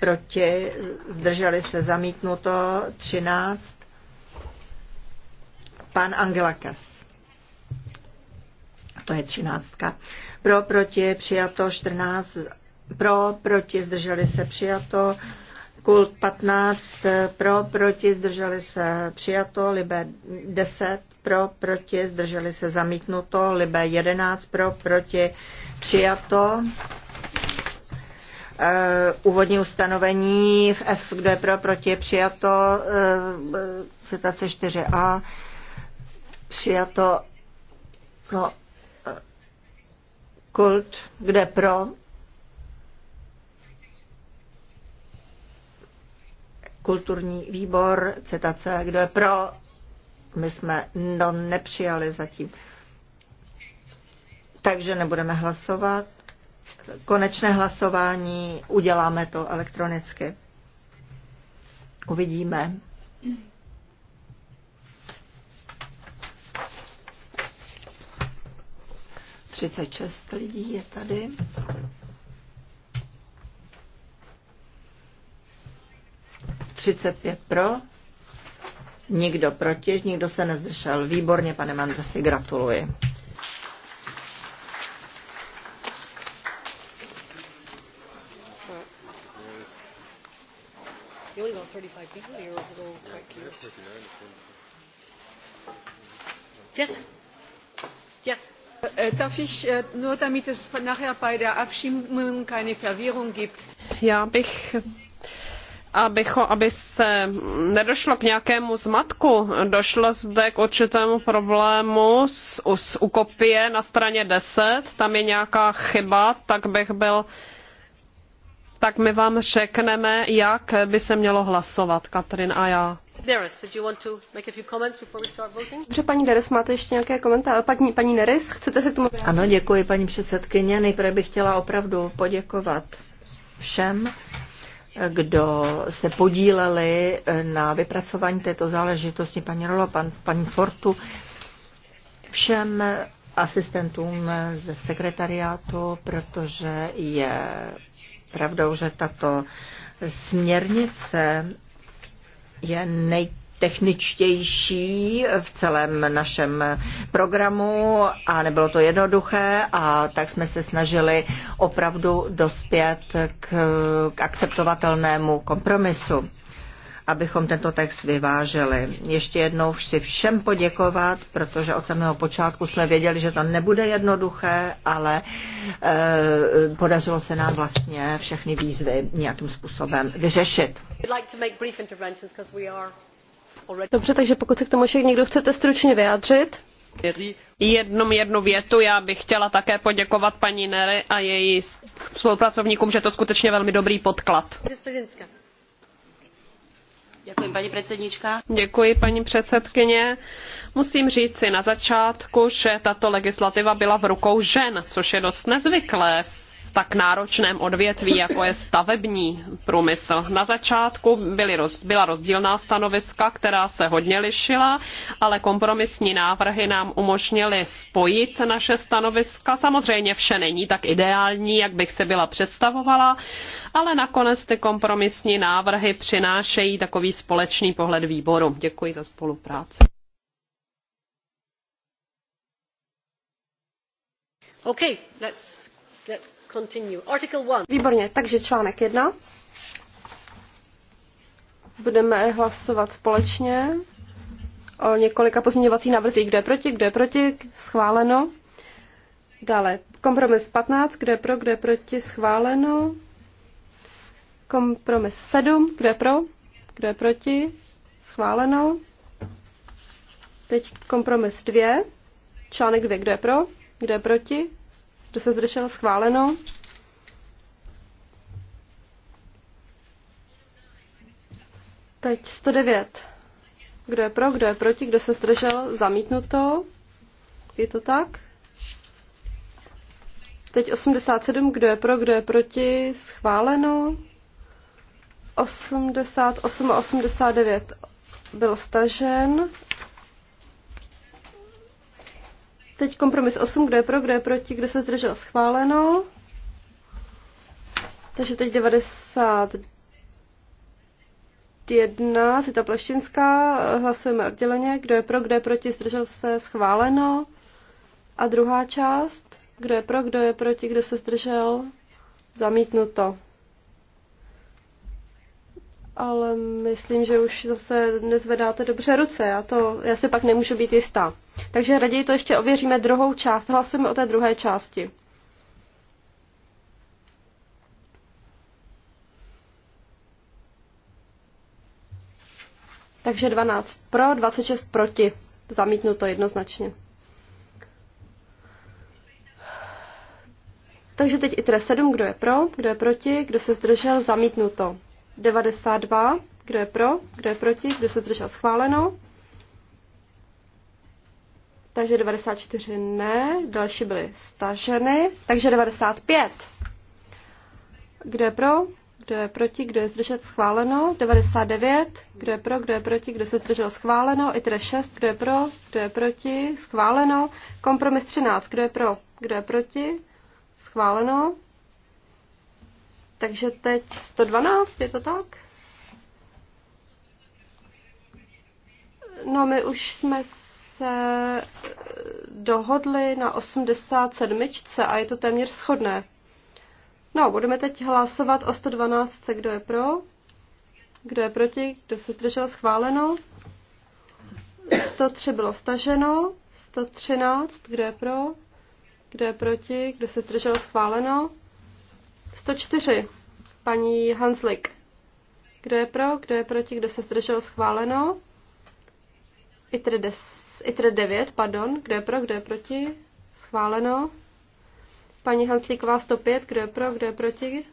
proti, zdrželi se zamítnuto, 13, pan Angelakas. To je 13. Pro, proti, přijato, 14, pro, proti, zdrželi se, přijato, kult 15, pro, proti, zdrželi se, přijato, libe 10, pro, proti, zdrželi se, zamítnuto, libe 11, pro, proti, přijato, Eh, úvodní ustanovení v F, kdo je pro, proti, je přijato, eh, citace 4a, přijato, no, eh, kult, kde pro, kulturní výbor, citace, kdo je pro, my jsme no, nepřijali zatím. Takže nebudeme hlasovat konečné hlasování uděláme to elektronicky. Uvidíme. Třicet šest lidí je tady. Třicet pět pro. Nikdo proti, nikdo se nezdržel. Výborně, pane Mandrsi, gratuluji. 35 people here, quite clear? Yes. Yes. Äh, äh, darf ich äh, nur, damit es nachher bei der Abstimmung keine Verwirrung gibt? Já bych abycho, aby se nedošlo k nějakému zmatku. Došlo zde k určitému problému s, s ukopie na straně 10, tam je nějaká chyba, tak bych byl tak my vám řekneme, jak by se mělo hlasovat, Katrin a já. Dobře, paní Deres, máte ještě nějaké komentáře? Paní, paní Neres, chcete se k tomu vrátit? Ano, děkuji, paní předsedkyně. Nejprve bych chtěla opravdu poděkovat všem, kdo se podíleli na vypracování této záležitosti, paní Rolo, pan, paní Fortu, všem asistentům ze sekretariátu, protože je pravdou, že tato směrnice je nej techničtější v celém našem programu a nebylo to jednoduché a tak jsme se snažili opravdu dospět k, k akceptovatelnému kompromisu abychom tento text vyváželi. Ještě jednou chci všem poděkovat, protože od samého počátku jsme věděli, že to nebude jednoduché, ale e, podařilo se nám vlastně všechny výzvy nějakým způsobem vyřešit. Dobře, takže pokud se k tomu všech někdo chcete stručně vyjádřit. Jednom jednu větu, já bych chtěla také poděkovat paní Nery a její spolupracovníkům, že to skutečně velmi dobrý podklad. Děkuji, paní předsednička. Děkuji, paní předsedkyně. Musím říci na začátku, že tato legislativa byla v rukou žen, což je dost nezvyklé v tak náročném odvětví, jako je stavební průmysl. Na začátku byly, byla rozdílná stanoviska, která se hodně lišila, ale kompromisní návrhy nám umožnily spojit naše stanoviska. Samozřejmě vše není tak ideální, jak bych se byla představovala, ale nakonec ty kompromisní návrhy přinášejí takový společný pohled výboru. Děkuji za spolupráci. Okay, let's, let's Continue. Article 1. Výborně, takže článek 1. Budeme hlasovat společně o několika pozměňovacích návrzích. Kdo je proti, kdo je proti, schváleno. Dále kompromis 15, kdo je pro, kdo je proti, schváleno. Kompromis 7, kdo je pro, kdo je proti, schváleno. Teď kompromis 2, článek 2, kdo je pro, kdo je proti, to se zřešilo Schváleno. Teď 109. Kdo je pro, kdo je proti, kdo se zdržel? Zamítnuto. Je to tak? Teď 87. Kdo je pro, kdo je proti? Schváleno. 88 a 89 byl stažen. Teď kompromis 8, kdo je pro, kdo je proti, kdo se zdržel schváleno. Takže teď 91, ta Pleštinská, hlasujeme odděleně, kdo je pro, kdo je proti, zdržel se schváleno. A druhá část, kdo je pro, kdo je proti, kdo se zdržel, zamítnuto. Ale myslím, že už zase nezvedáte dobře ruce, já, to, já si pak nemůžu být jistá. Takže raději to ještě ověříme druhou část. Hlasujeme o té druhé části. Takže 12 pro, 26 proti. Zamítnu to jednoznačně. Takže teď ITRE 7, kdo je pro, kdo je proti, kdo se zdržel, zamítnuto. 92, kdo je pro, kdo je proti, kdo se zdržel, schváleno takže 94 ne, další byly staženy, takže 95. Kdo je pro? Kdo je proti? Kdo je zdržet? Schváleno. 99. Kdo je pro? Kdo je proti? Kdo se zdržel? Schváleno. I 6. Kdo je pro? Kdo je proti? Schváleno. Kompromis 13. Kdo je pro? Kdo je proti? Schváleno. Takže teď 112, je to tak? No, my už jsme se dohodli na 87. a je to téměř shodné. No, budeme teď hlasovat o 112. Kdo je pro? Kdo je proti? Kdo se držel Schváleno. 103 bylo staženo. 113. Kdo je pro? Kdo je proti? Kdo se zdržel? Schváleno. 104. Paní Hanslik. Kdo je pro? Kdo je proti? Kdo se zdržel? Schváleno. ITR 10 ITR 9, pardon, kdo je pro, kdo je proti, schváleno. Paní Hanslíková 105, kdo je pro, kdo je proti?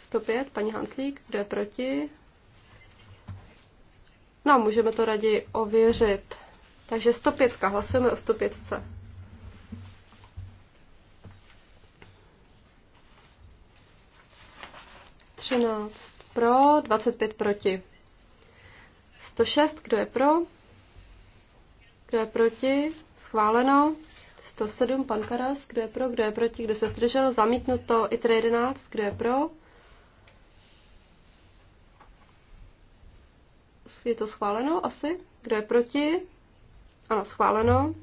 105, paní Hanslík, kdo je proti? No, můžeme to raději ověřit. Takže 105, hlasujeme o 105. Třináct pro, 25 proti. 106, kdo je pro? Kdo je proti? Schváleno. 107, pan Karas, kdo je pro? Kdo je proti? Kdo se zdržel? Zamítnuto. I 11, kdo je pro? Je to schváleno asi? Kdo je proti? Ano, schváleno.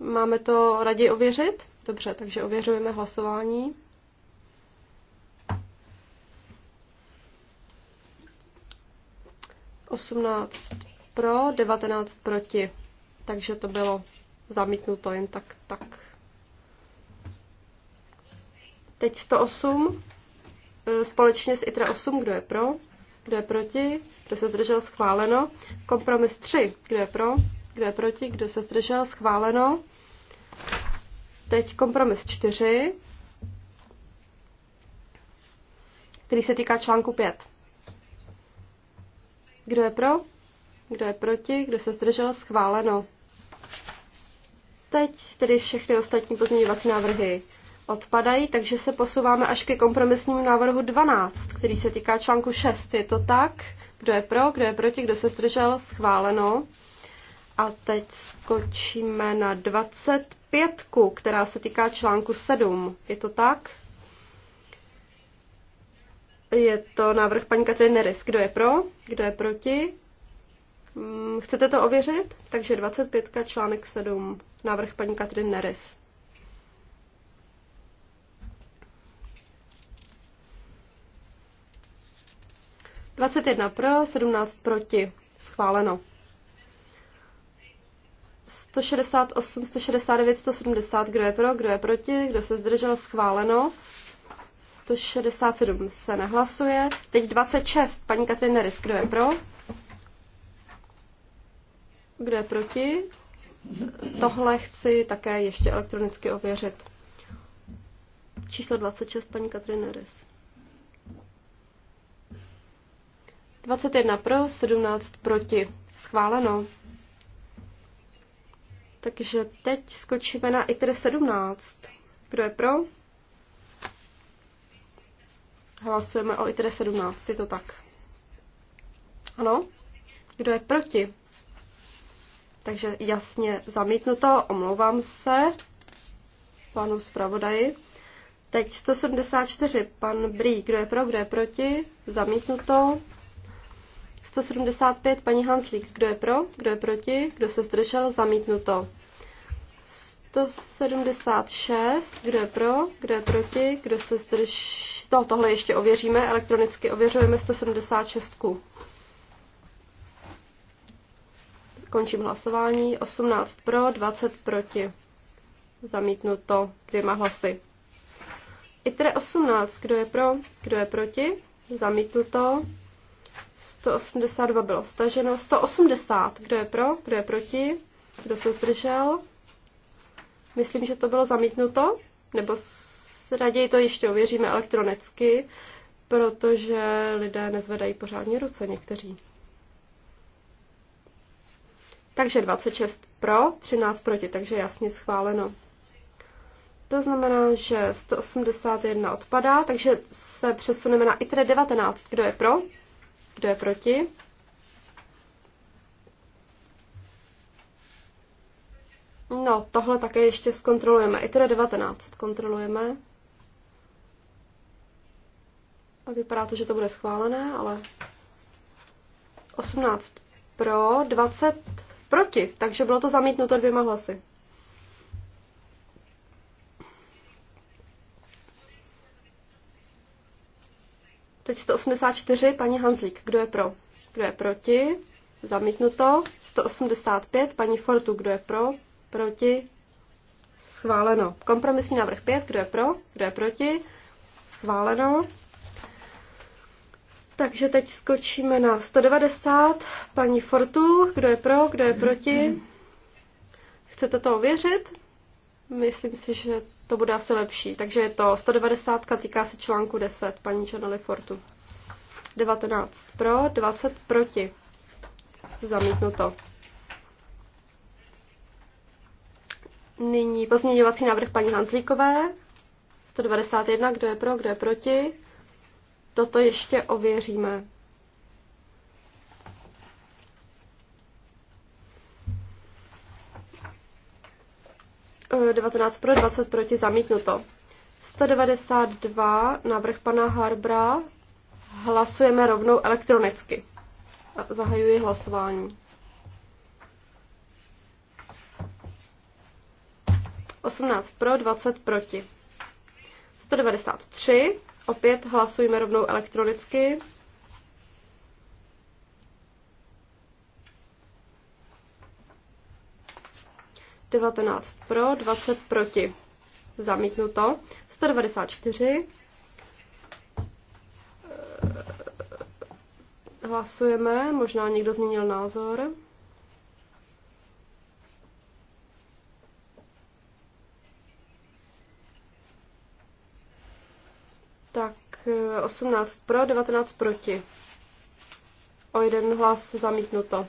Máme to raději ověřit? Dobře, takže ověřujeme hlasování. 18 pro, 19 proti. Takže to bylo zamítnuto jen tak, tak. Teď 108 e, společně s ITRA 8, kdo je pro, kdo je proti, kdo se zdržel, schváleno. Kompromis 3, kdo je pro, kdo je proti, kdo se zdržel, schváleno. Teď kompromis 4, který se týká článku 5. Kdo je pro? Kdo je proti? Kdo se zdržel? Schváleno. Teď tedy všechny ostatní pozměňovací návrhy odpadají, takže se posouváme až ke kompromisnímu návrhu 12, který se týká článku 6. Je to tak? Kdo je pro? Kdo je proti? Kdo se zdržel? Schváleno. A teď skočíme na 25, která se týká článku 7. Je to tak? Je to návrh paní Kateřiny Neris. Kdo je pro? Kdo je proti? Mm, chcete to ověřit? Takže 25. článek 7. Návrh paní Katrin Neris. Dvacet jedna pro, sedmnáct proti. Schváleno. 168, 169, 170. Kdo je pro, kdo je proti, kdo se zdržel, schváleno to 67 se nehlasuje. Teď 26. Paní Katrina Rys, kdo je pro? Kdo je proti? Tohle chci také ještě elektronicky ověřit. Číslo 26, paní Katrina Rys. 21 pro, 17 proti. Schváleno. Takže teď skočíme na ITR 17. Kdo je pro? Hlasujeme o ITRE 17, je to tak. Ano? Kdo je proti? Takže jasně zamítnuto, omlouvám se panu zpravodaji. Teď 174, pan Brý, kdo je pro, kdo je proti, zamítnuto. 175, paní Hanslík, kdo je pro, kdo je proti, kdo se zdržel, zamítnuto. 176, kdo je pro, kdo je proti, kdo se zdrží. No, tohle ještě ověříme, elektronicky ověřujeme 176. Končím hlasování. 18 pro, 20 proti. Zamítnuto dvěma hlasy. ITRE 18, kdo je pro, kdo je proti, zamítnuto. 182 bylo staženo. 180, kdo je pro, kdo je proti, kdo se zdržel, Myslím, že to bylo zamítnuto, nebo raději to ještě ověříme elektronicky, protože lidé nezvedají pořádně ruce někteří. Takže 26 pro, 13 proti, takže jasně schváleno. To znamená, že 181 odpadá, takže se přesuneme na ITRE 19. Kdo je pro? Kdo je proti? No, tohle také ještě zkontrolujeme. I teda 19 kontrolujeme. A vypadá to, že to bude schválené, ale 18 pro, 20 proti, takže bylo to zamítnuto dvěma hlasy. Teď 184, paní Hanzlík, kdo je pro? Kdo je proti? Zamítnuto. 185, paní Fortu, kdo je pro? proti, schváleno. Kompromisní návrh 5, kdo je pro, kdo je proti, schváleno. Takže teď skočíme na 190, paní Fortu, kdo je pro, kdo je proti. Chcete to ověřit? Myslím si, že to bude asi lepší. Takže je to 190, týká se článku 10, paní Čanely Fortu. 19 pro, 20 proti. Zamítnuto. Nyní pozměňovací návrh paní Hanzlíkové. 191, kdo je pro, kdo je proti. Toto ještě ověříme. E, eh, 19 pro, 20 proti, zamítnuto. 192, návrh pana Harbra. Hlasujeme rovnou elektronicky. Zahajuji hlasování. 18 pro, 20 proti. 193. Opět hlasujeme rovnou elektronicky. Devatenáct pro, 20 proti. Zamítnuto. 194. Hlasujeme, možná někdo změnil názor. 18 pro, 19 proti. O jeden hlas zamítnuto.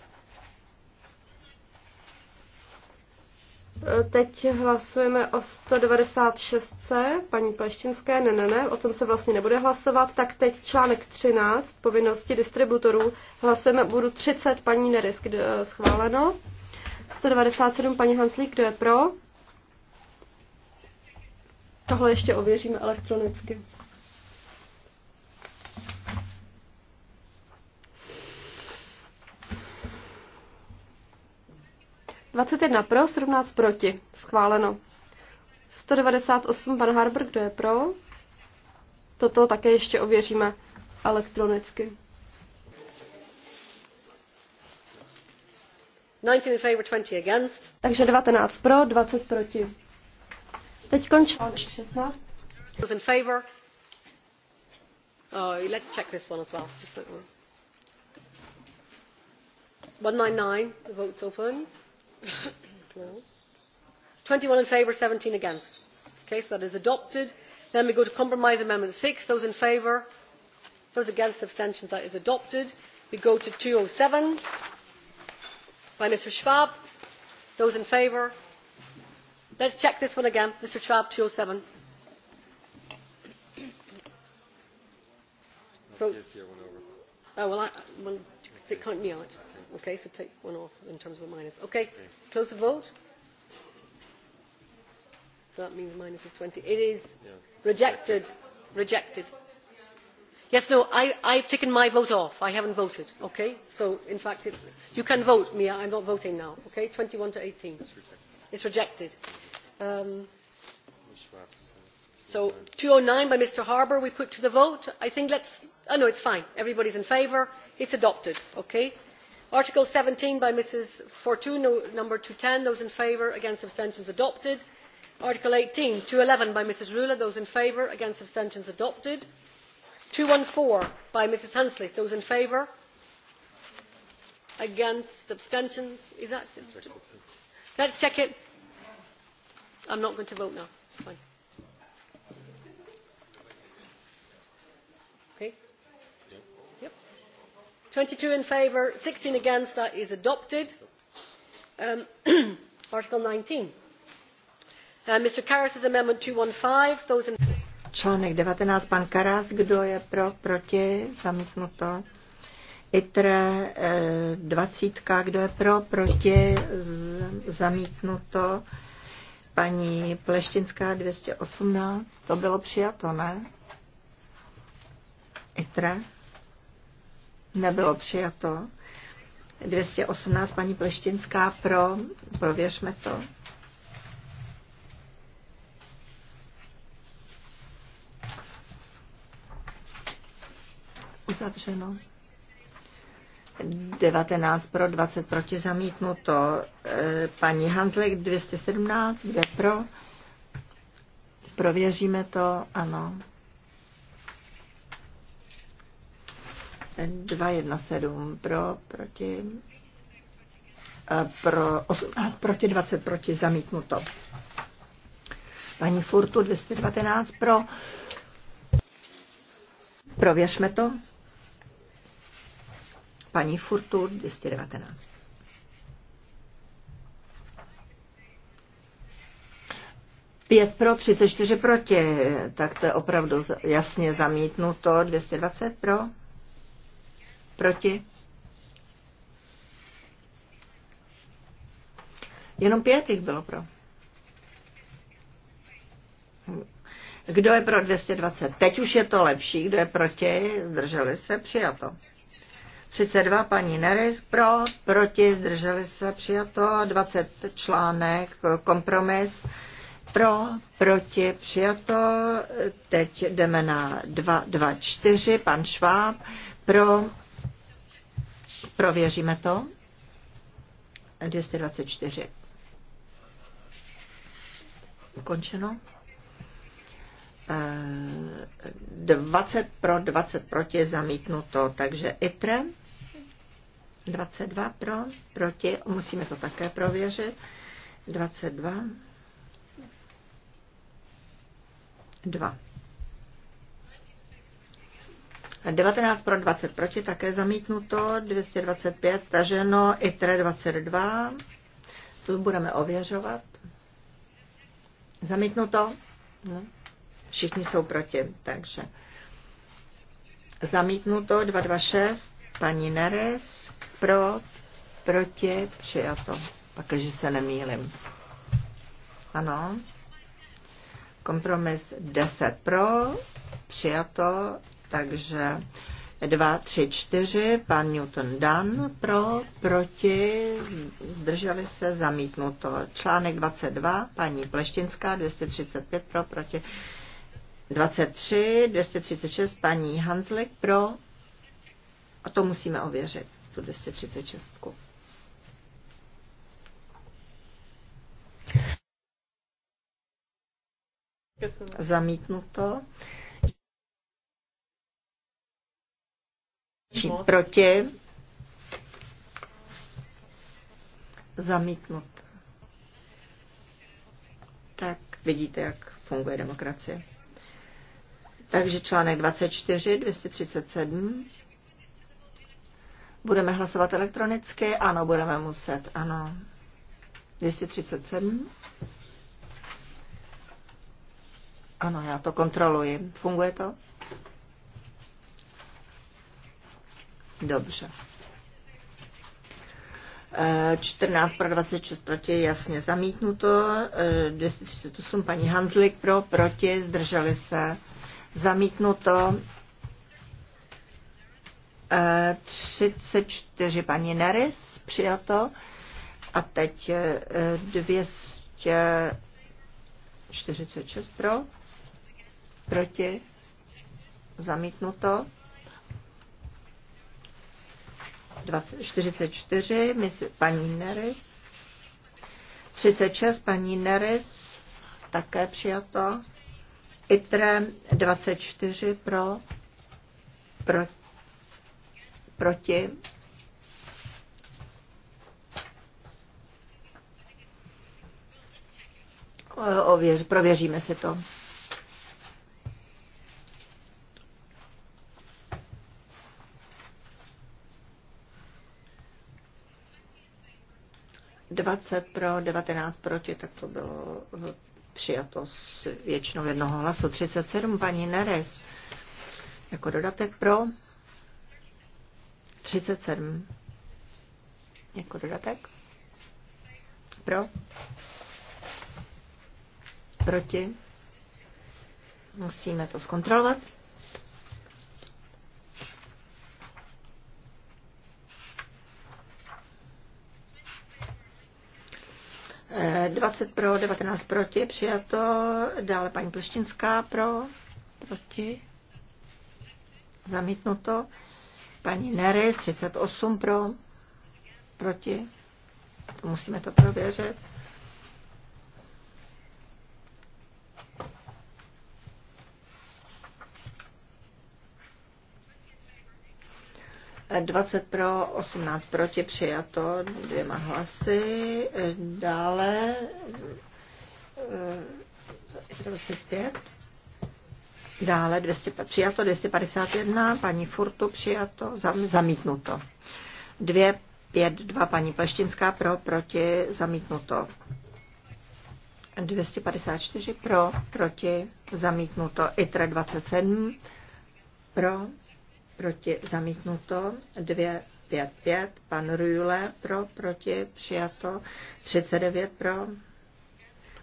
Teď hlasujeme o 196. paní Pleštinské, ne, ne, ne, o tom se vlastně nebude hlasovat, tak teď článek 13, povinnosti distributorů, hlasujeme bodu 30, paní Neris, eh, schváleno. 197, paní Hanslík, kdo je pro? Tohle ještě ověříme elektronicky. 21 pro, 17 proti. Schváleno. 198 pan Harbour, kdo je pro? Toto také ještě ověříme elektronicky. 19 in favor, 20 against. Takže 19 pro, 20 proti. Teď končí 16. Was in favor. Oh, let's check this one as well. Just 199, the vote's open no. 21 in favour, 17 against. Okay, so that is adopted. Then we go to compromise amendment 6. Those in favour? Those against abstentions, that is adopted. We go to 207 by Mr Schwab. Those in favour? Let's check this one again. Mr Schwab, 207. Vote. Oh, well, I, well, They count me out. Okay, so take one off in terms of a minus. Okay, close the vote. So that means minus is 20. It is yeah, rejected. Rejected. Yes, no, I, I've taken my vote off. I haven't voted. Okay, so in fact, it's, you can vote, Mia. I'm not voting now. Okay, 21 to 18. It's rejected. It's rejected. Um, so 209 by Mr. Harbour, we put to the vote. I think let's oh no it is fine everybody is in favour it is adopted okay article seventeen by mrs fortuna no, number two hundred and ten those in favour against abstentions adopted article eighteen two hundred and eleven by mrs rühle those in favour against abstentions adopted two hundred and fourteen by mrs handzlik those in favour against abstentions is that let us check it i am not going to vote now it's fine twenty two in favour sixteen against that is adopted. Um, article nineteen uh, mr karas' amendment two hundred and fifteen those in 19, pan Karas, kdo je pro, proti, zamítnuto. ITRE 20, eh, kdo je pro, proti, zamítnuto. Paní Pleštinská 218, to bylo přijato, ne? ITRE nebylo přijato. 218 paní Pleštinská pro, prověřme to. Uzavřeno. 19 pro, 20 proti zamítnuto. E, paní Hanzlik 217, kde pro? Prověříme to, ano. 217 pro, proti, eh, pro 18 proti 20 proti zamítnuto. Paní Furtu 219 pro. Prověřme to. Paní Furtu 219. Pět pro, 34 proti, tak to je opravdu jasně zamítnuto, 220 pro, Proti? Jenom pět jich bylo pro. Kdo je pro 220? Teď už je to lepší. Kdo je proti? Zdrželi se? Přijato. 32 paní Nerys pro, proti, zdrželi se, přijato, 20 článek, kompromis, pro, proti, přijato, teď jdeme na 224 pan Šváb, pro, Prověříme to. 224. Ukončeno. 20 eh, pro, 20 proti, zamítnuto. Takže ITRE 22 pro, proti, musíme to také prověřit. 22. 2. 19 pro 20 proti, také zamítnuto, 225 staženo, ITRE 22, tu budeme ověřovat. Zamítnuto, no. všichni jsou proti, takže zamítnuto, 226, paní Neres, pro, proti, přijato, pakliže se nemýlim. Ano. Kompromis 10 pro, přijato, takže dva, tři, čtyři, pan Newton Dan pro, proti, zdrželi se, zamítnuto. Článek 22, paní Pleštinská, 235 pro, proti, 23, 236, paní Hanslik pro, a to musíme ověřit, tu 236. Zamítnuto. či proti, zamítnut. Tak vidíte, jak funguje demokracie. Takže článek 24, 237. Budeme hlasovat elektronicky? Ano, budeme muset, ano. 237. Ano, já to kontroluji. Funguje to? Dobře. 14 eh, pro 26 proti, jasně zamítnuto. 238 eh, paní Hanzlik pro, proti, zdrželi se. Zamítnuto. 34 eh, paní Neris, přijato. A teď 246 pro, proti, zamítnuto. 44, paní Neres. 36, paní Neres, také přijato. ITRE 24 pro, pro proti. Ověř, prověříme si to. 20 pro, 19 proti, tak to bylo eh, přijato s většinou jednoho hlasu. 37 paní Neres jako dodatek pro, 37 jako dodatek pro, proti, musíme to zkontrolovat. 20 pro, 19 proti, přijato. Dále paní Pleštinská pro, proti, zamítnuto. Paní Nery 38 pro, proti. To musíme to prověřit. 20 pro, 18 proti, přijato dvěma hlasy. Dále 25. Eh, Dále 200, přijato 251, paní Furtu přijato, zam, zamítnuto. 2, 5, 2, paní Pleštinská pro, proti, zamítnuto. 254 pro, proti, zamítnuto. ITRE 27 pro, proti zamítnuto, 2, 5, 5, pan Rujle pro, proti přijato, 39 pro,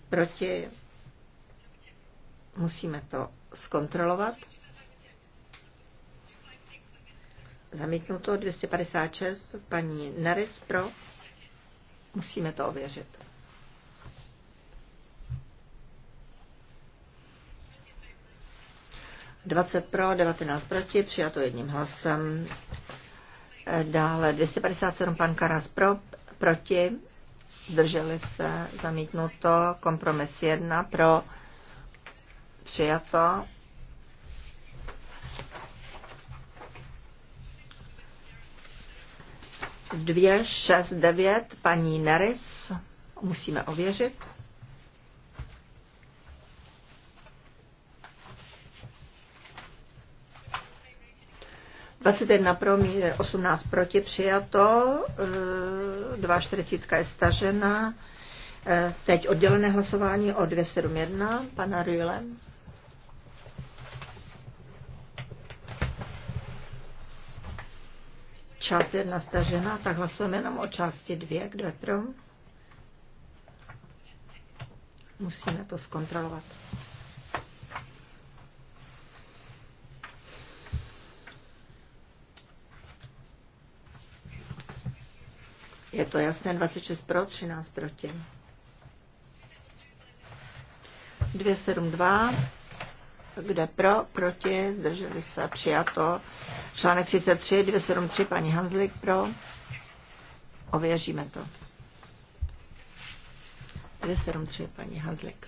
proti, musíme to zkontrolovat, zamítnuto, 256, paní Naris pro, musíme to ověřit. 20 pro, 19 proti, přijato jedním hlasem. E, dále 257 pan Karas pro, proti, drželi se, zamítnuto, kompromis 1 pro, přijato. Dvě, šest, devět, paní Neris, musíme ověřit. 21 pro, 18 proti přijato, 240 eh, je stažena. Eh, teď oddělené hlasování o 271 pana Rüle. Část jedna stažena, tak hlasujeme jenom o části dvě, kdo je pro. Musíme to zkontrolovat. to jasné, 26 pro, 13 proti. 272, kde pro, proti, zdrželi se, přijato. Článek 33, 273, paní Hanzlik pro. Ověříme to. 273, paní Hanzlik.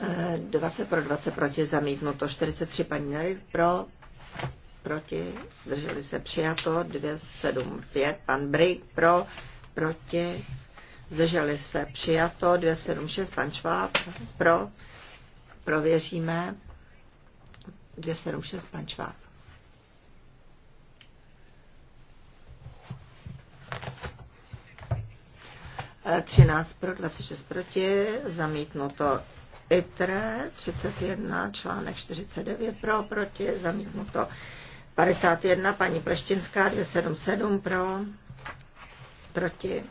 E, eh, 20 pro, 20 proti, zamítnuto. 43, paní Nerik pro, proti, zdrželi se přijato, 275, pan Brick pro, proti, zdrželi se přijato, 276, pan Šváb pro, prověříme, 276, pan Šváb. Eh, třináct pro, 26 proti, zamítnuto ITRE 31, článek 49 pro, proti, zamítnuto 51, paní Pleštinská, 277 pro, proti.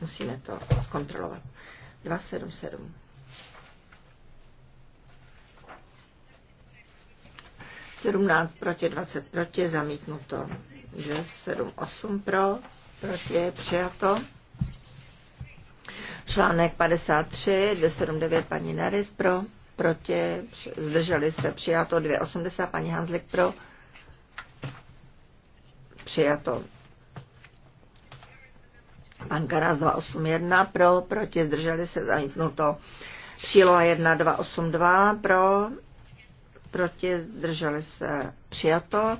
Musíme to zkontrolovat. 277. Sedmnáct proti, 20 proti, zamítnuto. 278 pro, proti, přijato. Článek 53, 279 paní Nerys pro proti, zdrželi se, přijato 2,80, paní Hanzlik pro, přijato. Pan Karas 281 pro, proti, zdrželi se, zamítnuto. Příloha 1282 pro, proti, zdrželi se, přijato.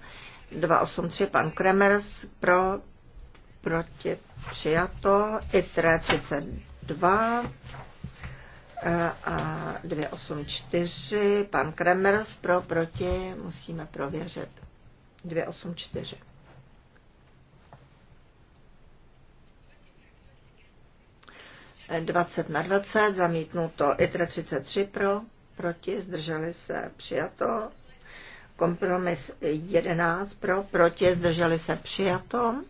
283 pan Kremers pro, proti, přijato. ITRE 32 a 284, pan Kremers pro, proti, musíme prověřit. 284. 20 na 20, zamítnuto ITRE 33 pro, proti, zdrželi se, přijato. Kompromis 11 pro, proti, zdrželi se, přijato.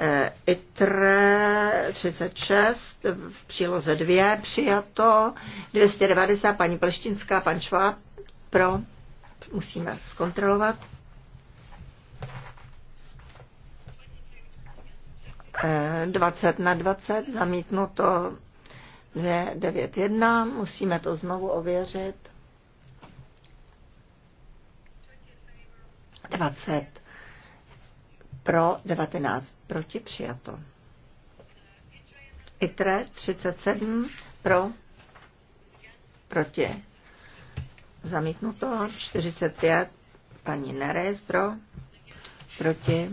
Eh, ITRE 36 v příloze 2 přijato, 290 paní Pleštinská, pan Šváb pro, musíme zkontrolovat. E, eh, 20 na 20, zamítnuto 291, musíme to znovu ověřit. 20 pro, 19 proti, přijato. ITRE 37 pro, proti, zamítnuto, 45 paní Nerez pro, proti,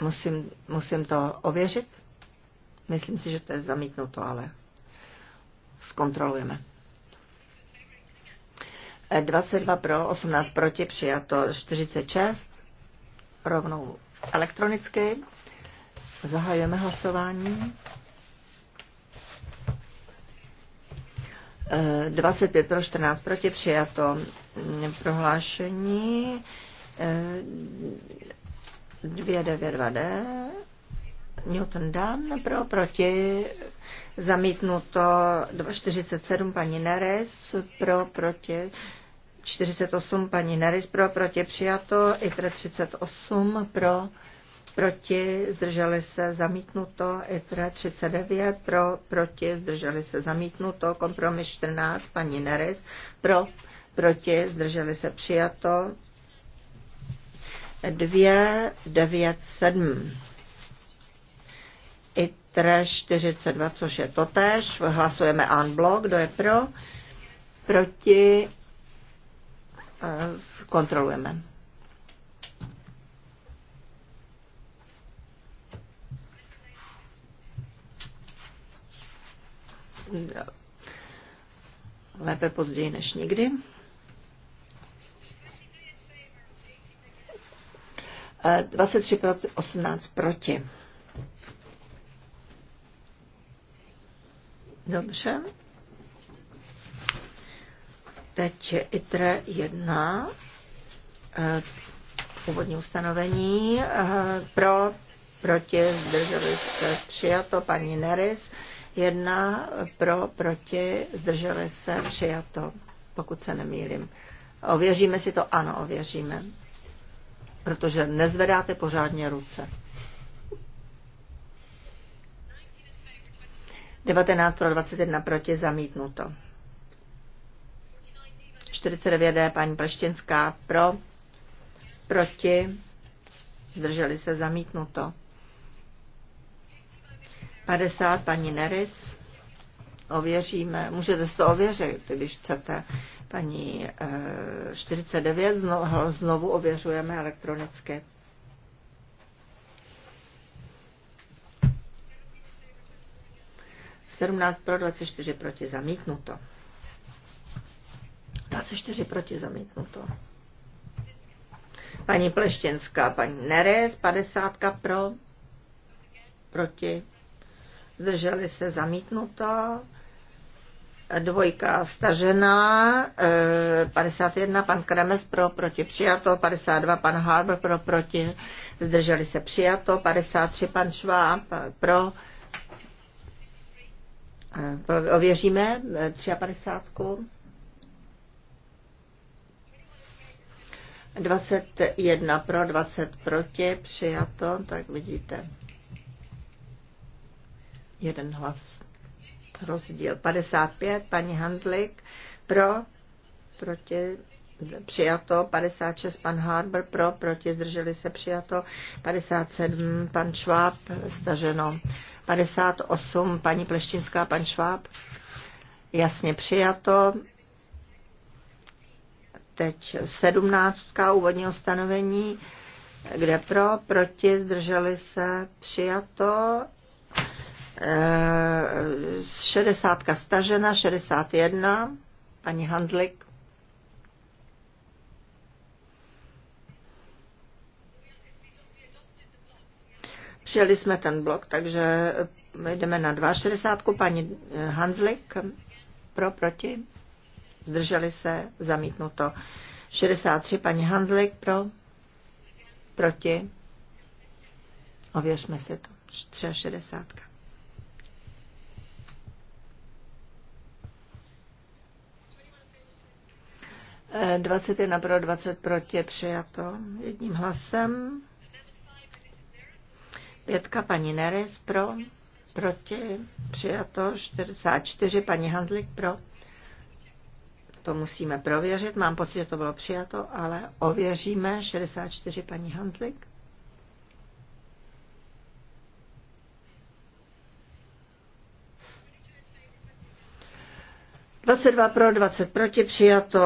musím, musím to ověřit. Myslím si, že to je zamítnuto, ale zkontrolujeme. 22 pro, 18 proti, přijato 46 rovnou elektronicky. Zahajujeme hlasování. 25 eh, pro 14 proti přijato prohlášení 292D eh, Newton Dan pro proti zamítnuto 247 paní Neres pro proti 48 paní Neris pro, proti přijato, ITRE 38 pro, proti, zdrželi se zamítnuto, ITRE 39 pro, proti, zdrželi se zamítnuto, kompromis 14 paní Neris pro, proti, zdrželi se přijato, 2, 9, 7. ITRE 42, což je totéž, hlasujeme en bloc, kdo je pro, proti, kontrolujeme. Lépe později než nikdy. E, 23 pro 18 proti. Dobře teď ITRE 1, eh, původní ustanovení, eh, pro, proti, zdrželi se, přijato, paní Neris, 1, pro, proti, zdrželi se, přijato, pokud se nemýlim. Ověříme si to? Ano, ověříme. Protože nezvedáte pořádně ruce. 19 pro 21 proti zamítnuto. 49D paní Pleštinská pro, proti, zdrželi se zamítnuto. 50 paní Neris, ověříme, můžete si to ověřit, když chcete. Paní 49 eh, znovu, znovu ověřujeme elektronicky. Sedmnáct pro 24 proti zamítnuto. 24 proti zamítnuto. Paní Pleštěnská, paní Nerez, 50 pro, proti, zdrželi se zamítnuto, dvojka stažená, 51 eh, pan Kremes pro, proti přijato, 52 pan Harbour pro, proti, zdrželi se přijato, 53 pan Šváb eh, pro, ověříme 53. Eh, 21 pro, 20 proti, přijato, tak vidíte. Jeden hlas. Rozdíl 55, paní Hanzlik pro, proti, přijato, 56 pan Harbour, pro, proti, zdrželi se přijato, 57 pan Šváb, staženo, 58 paní Pleštinská, pan Šváb, jasně přijato, Teď sedmnáctka úvodního stanovení, kde pro, proti, zdrželi se, přijato. Eh, šedesátka stažena, jedna, paní Hanzlik. Přijeli jsme ten blok, takže jdeme na 62. Paní eh, Hanzlik, pro, proti? zdrželi se, zamítnuto. 63, paní Hanzlik pro, proti, ověřme si to, 63. E, 21 pro, 20 proti, přijato jedním hlasem. Pětka paní Neres pro, proti, přijato 44, paní Hanzlik pro to musíme prověřit. Mám pocit, že to bylo přijato, ale ověříme. 64 paní Hanslik. Dvacet dva pro, 20 proti, přijato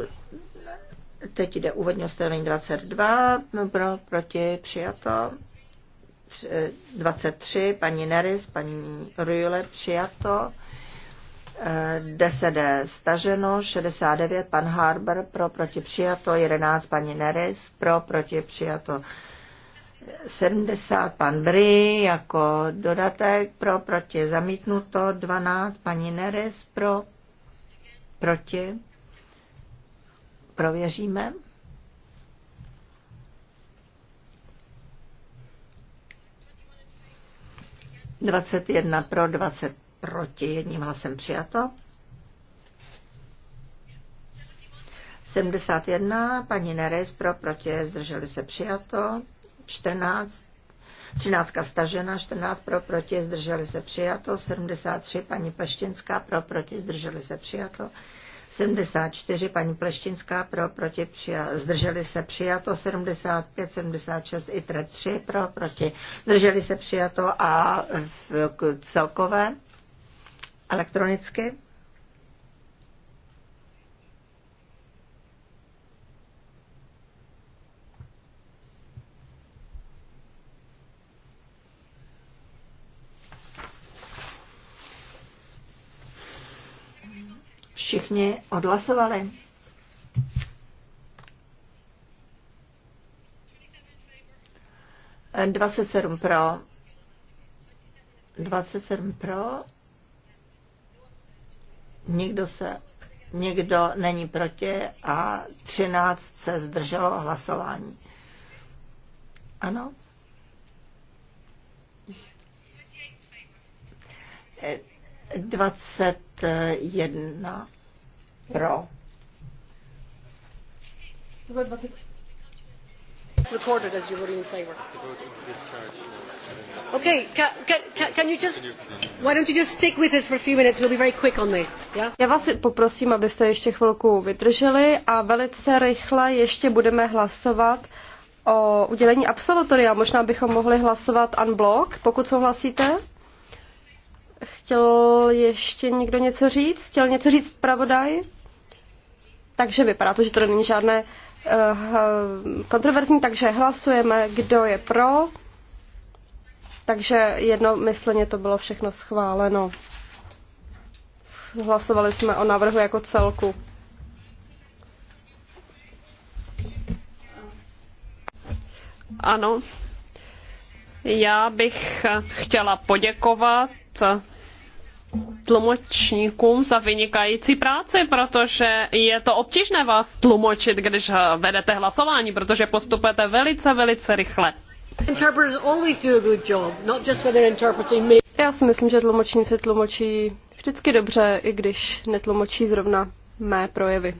eh, teď jde úvodní ustanovení 22, pro, proti, přijato, 23, eh, paní Neris, paní Rujule, přijato, 10D staženo, 69 pan Harber pro proti přijato, 11 paní Neres pro proti přijato, 70 pan Bry jako dodatek pro proti zamítnuto, 12 paní Neres pro proti. Prověříme. Dvacet jedna pro, dvacet proti, jedním hlasem přijato. 71, paní Nerez pro, proti, zdrželi se přijato. 14, 13 stažena, 14 pro, proti, zdrželi se přijato. 73, paní Pleštinská pro, proti, zdrželi se přijato. 74, paní Pleštinská pro, proti, přija, zdrželi se přijato, 75, 76, i 3 pro, proti, zdrželi se přijato a v celkové elektronicky. Všichni odhlasovali. 27 pro, 27 pro Nikdo se nikdo není proti a 13 se zdrželo hlasování. Ano? Dvacet jedna pro. Recorded as you were in favor. Okay, can you just, why don't you just stick with us for a few minutes? We'll be very quick on this. Yeah? Já vás poprosím, abyste ještě chvilku vydrželi a velice rychle ještě budeme hlasovat o udělení absolutoria. Možná bychom mohli hlasovat unblock, pokud souhlasíte. Chtěl ještě někdo něco říct? Chtěl něco říct zpravodaj? Takže vypadá to, že to není žádné uh, kontroverzní, takže hlasujeme, kdo je pro takže jednomyslně to bylo všechno schváleno. Hlasovali jsme o návrhu jako celku. Ano. Já bych chtěla poděkovat tlumočníkům za vynikající práci, protože je to obtížné vás tlumočit, když vedete hlasování, protože postupujete velice, velice rychle. Já si myslím, že tlumočníci tlumočí vždycky dobře, i když netlumočí zrovna mé projevy.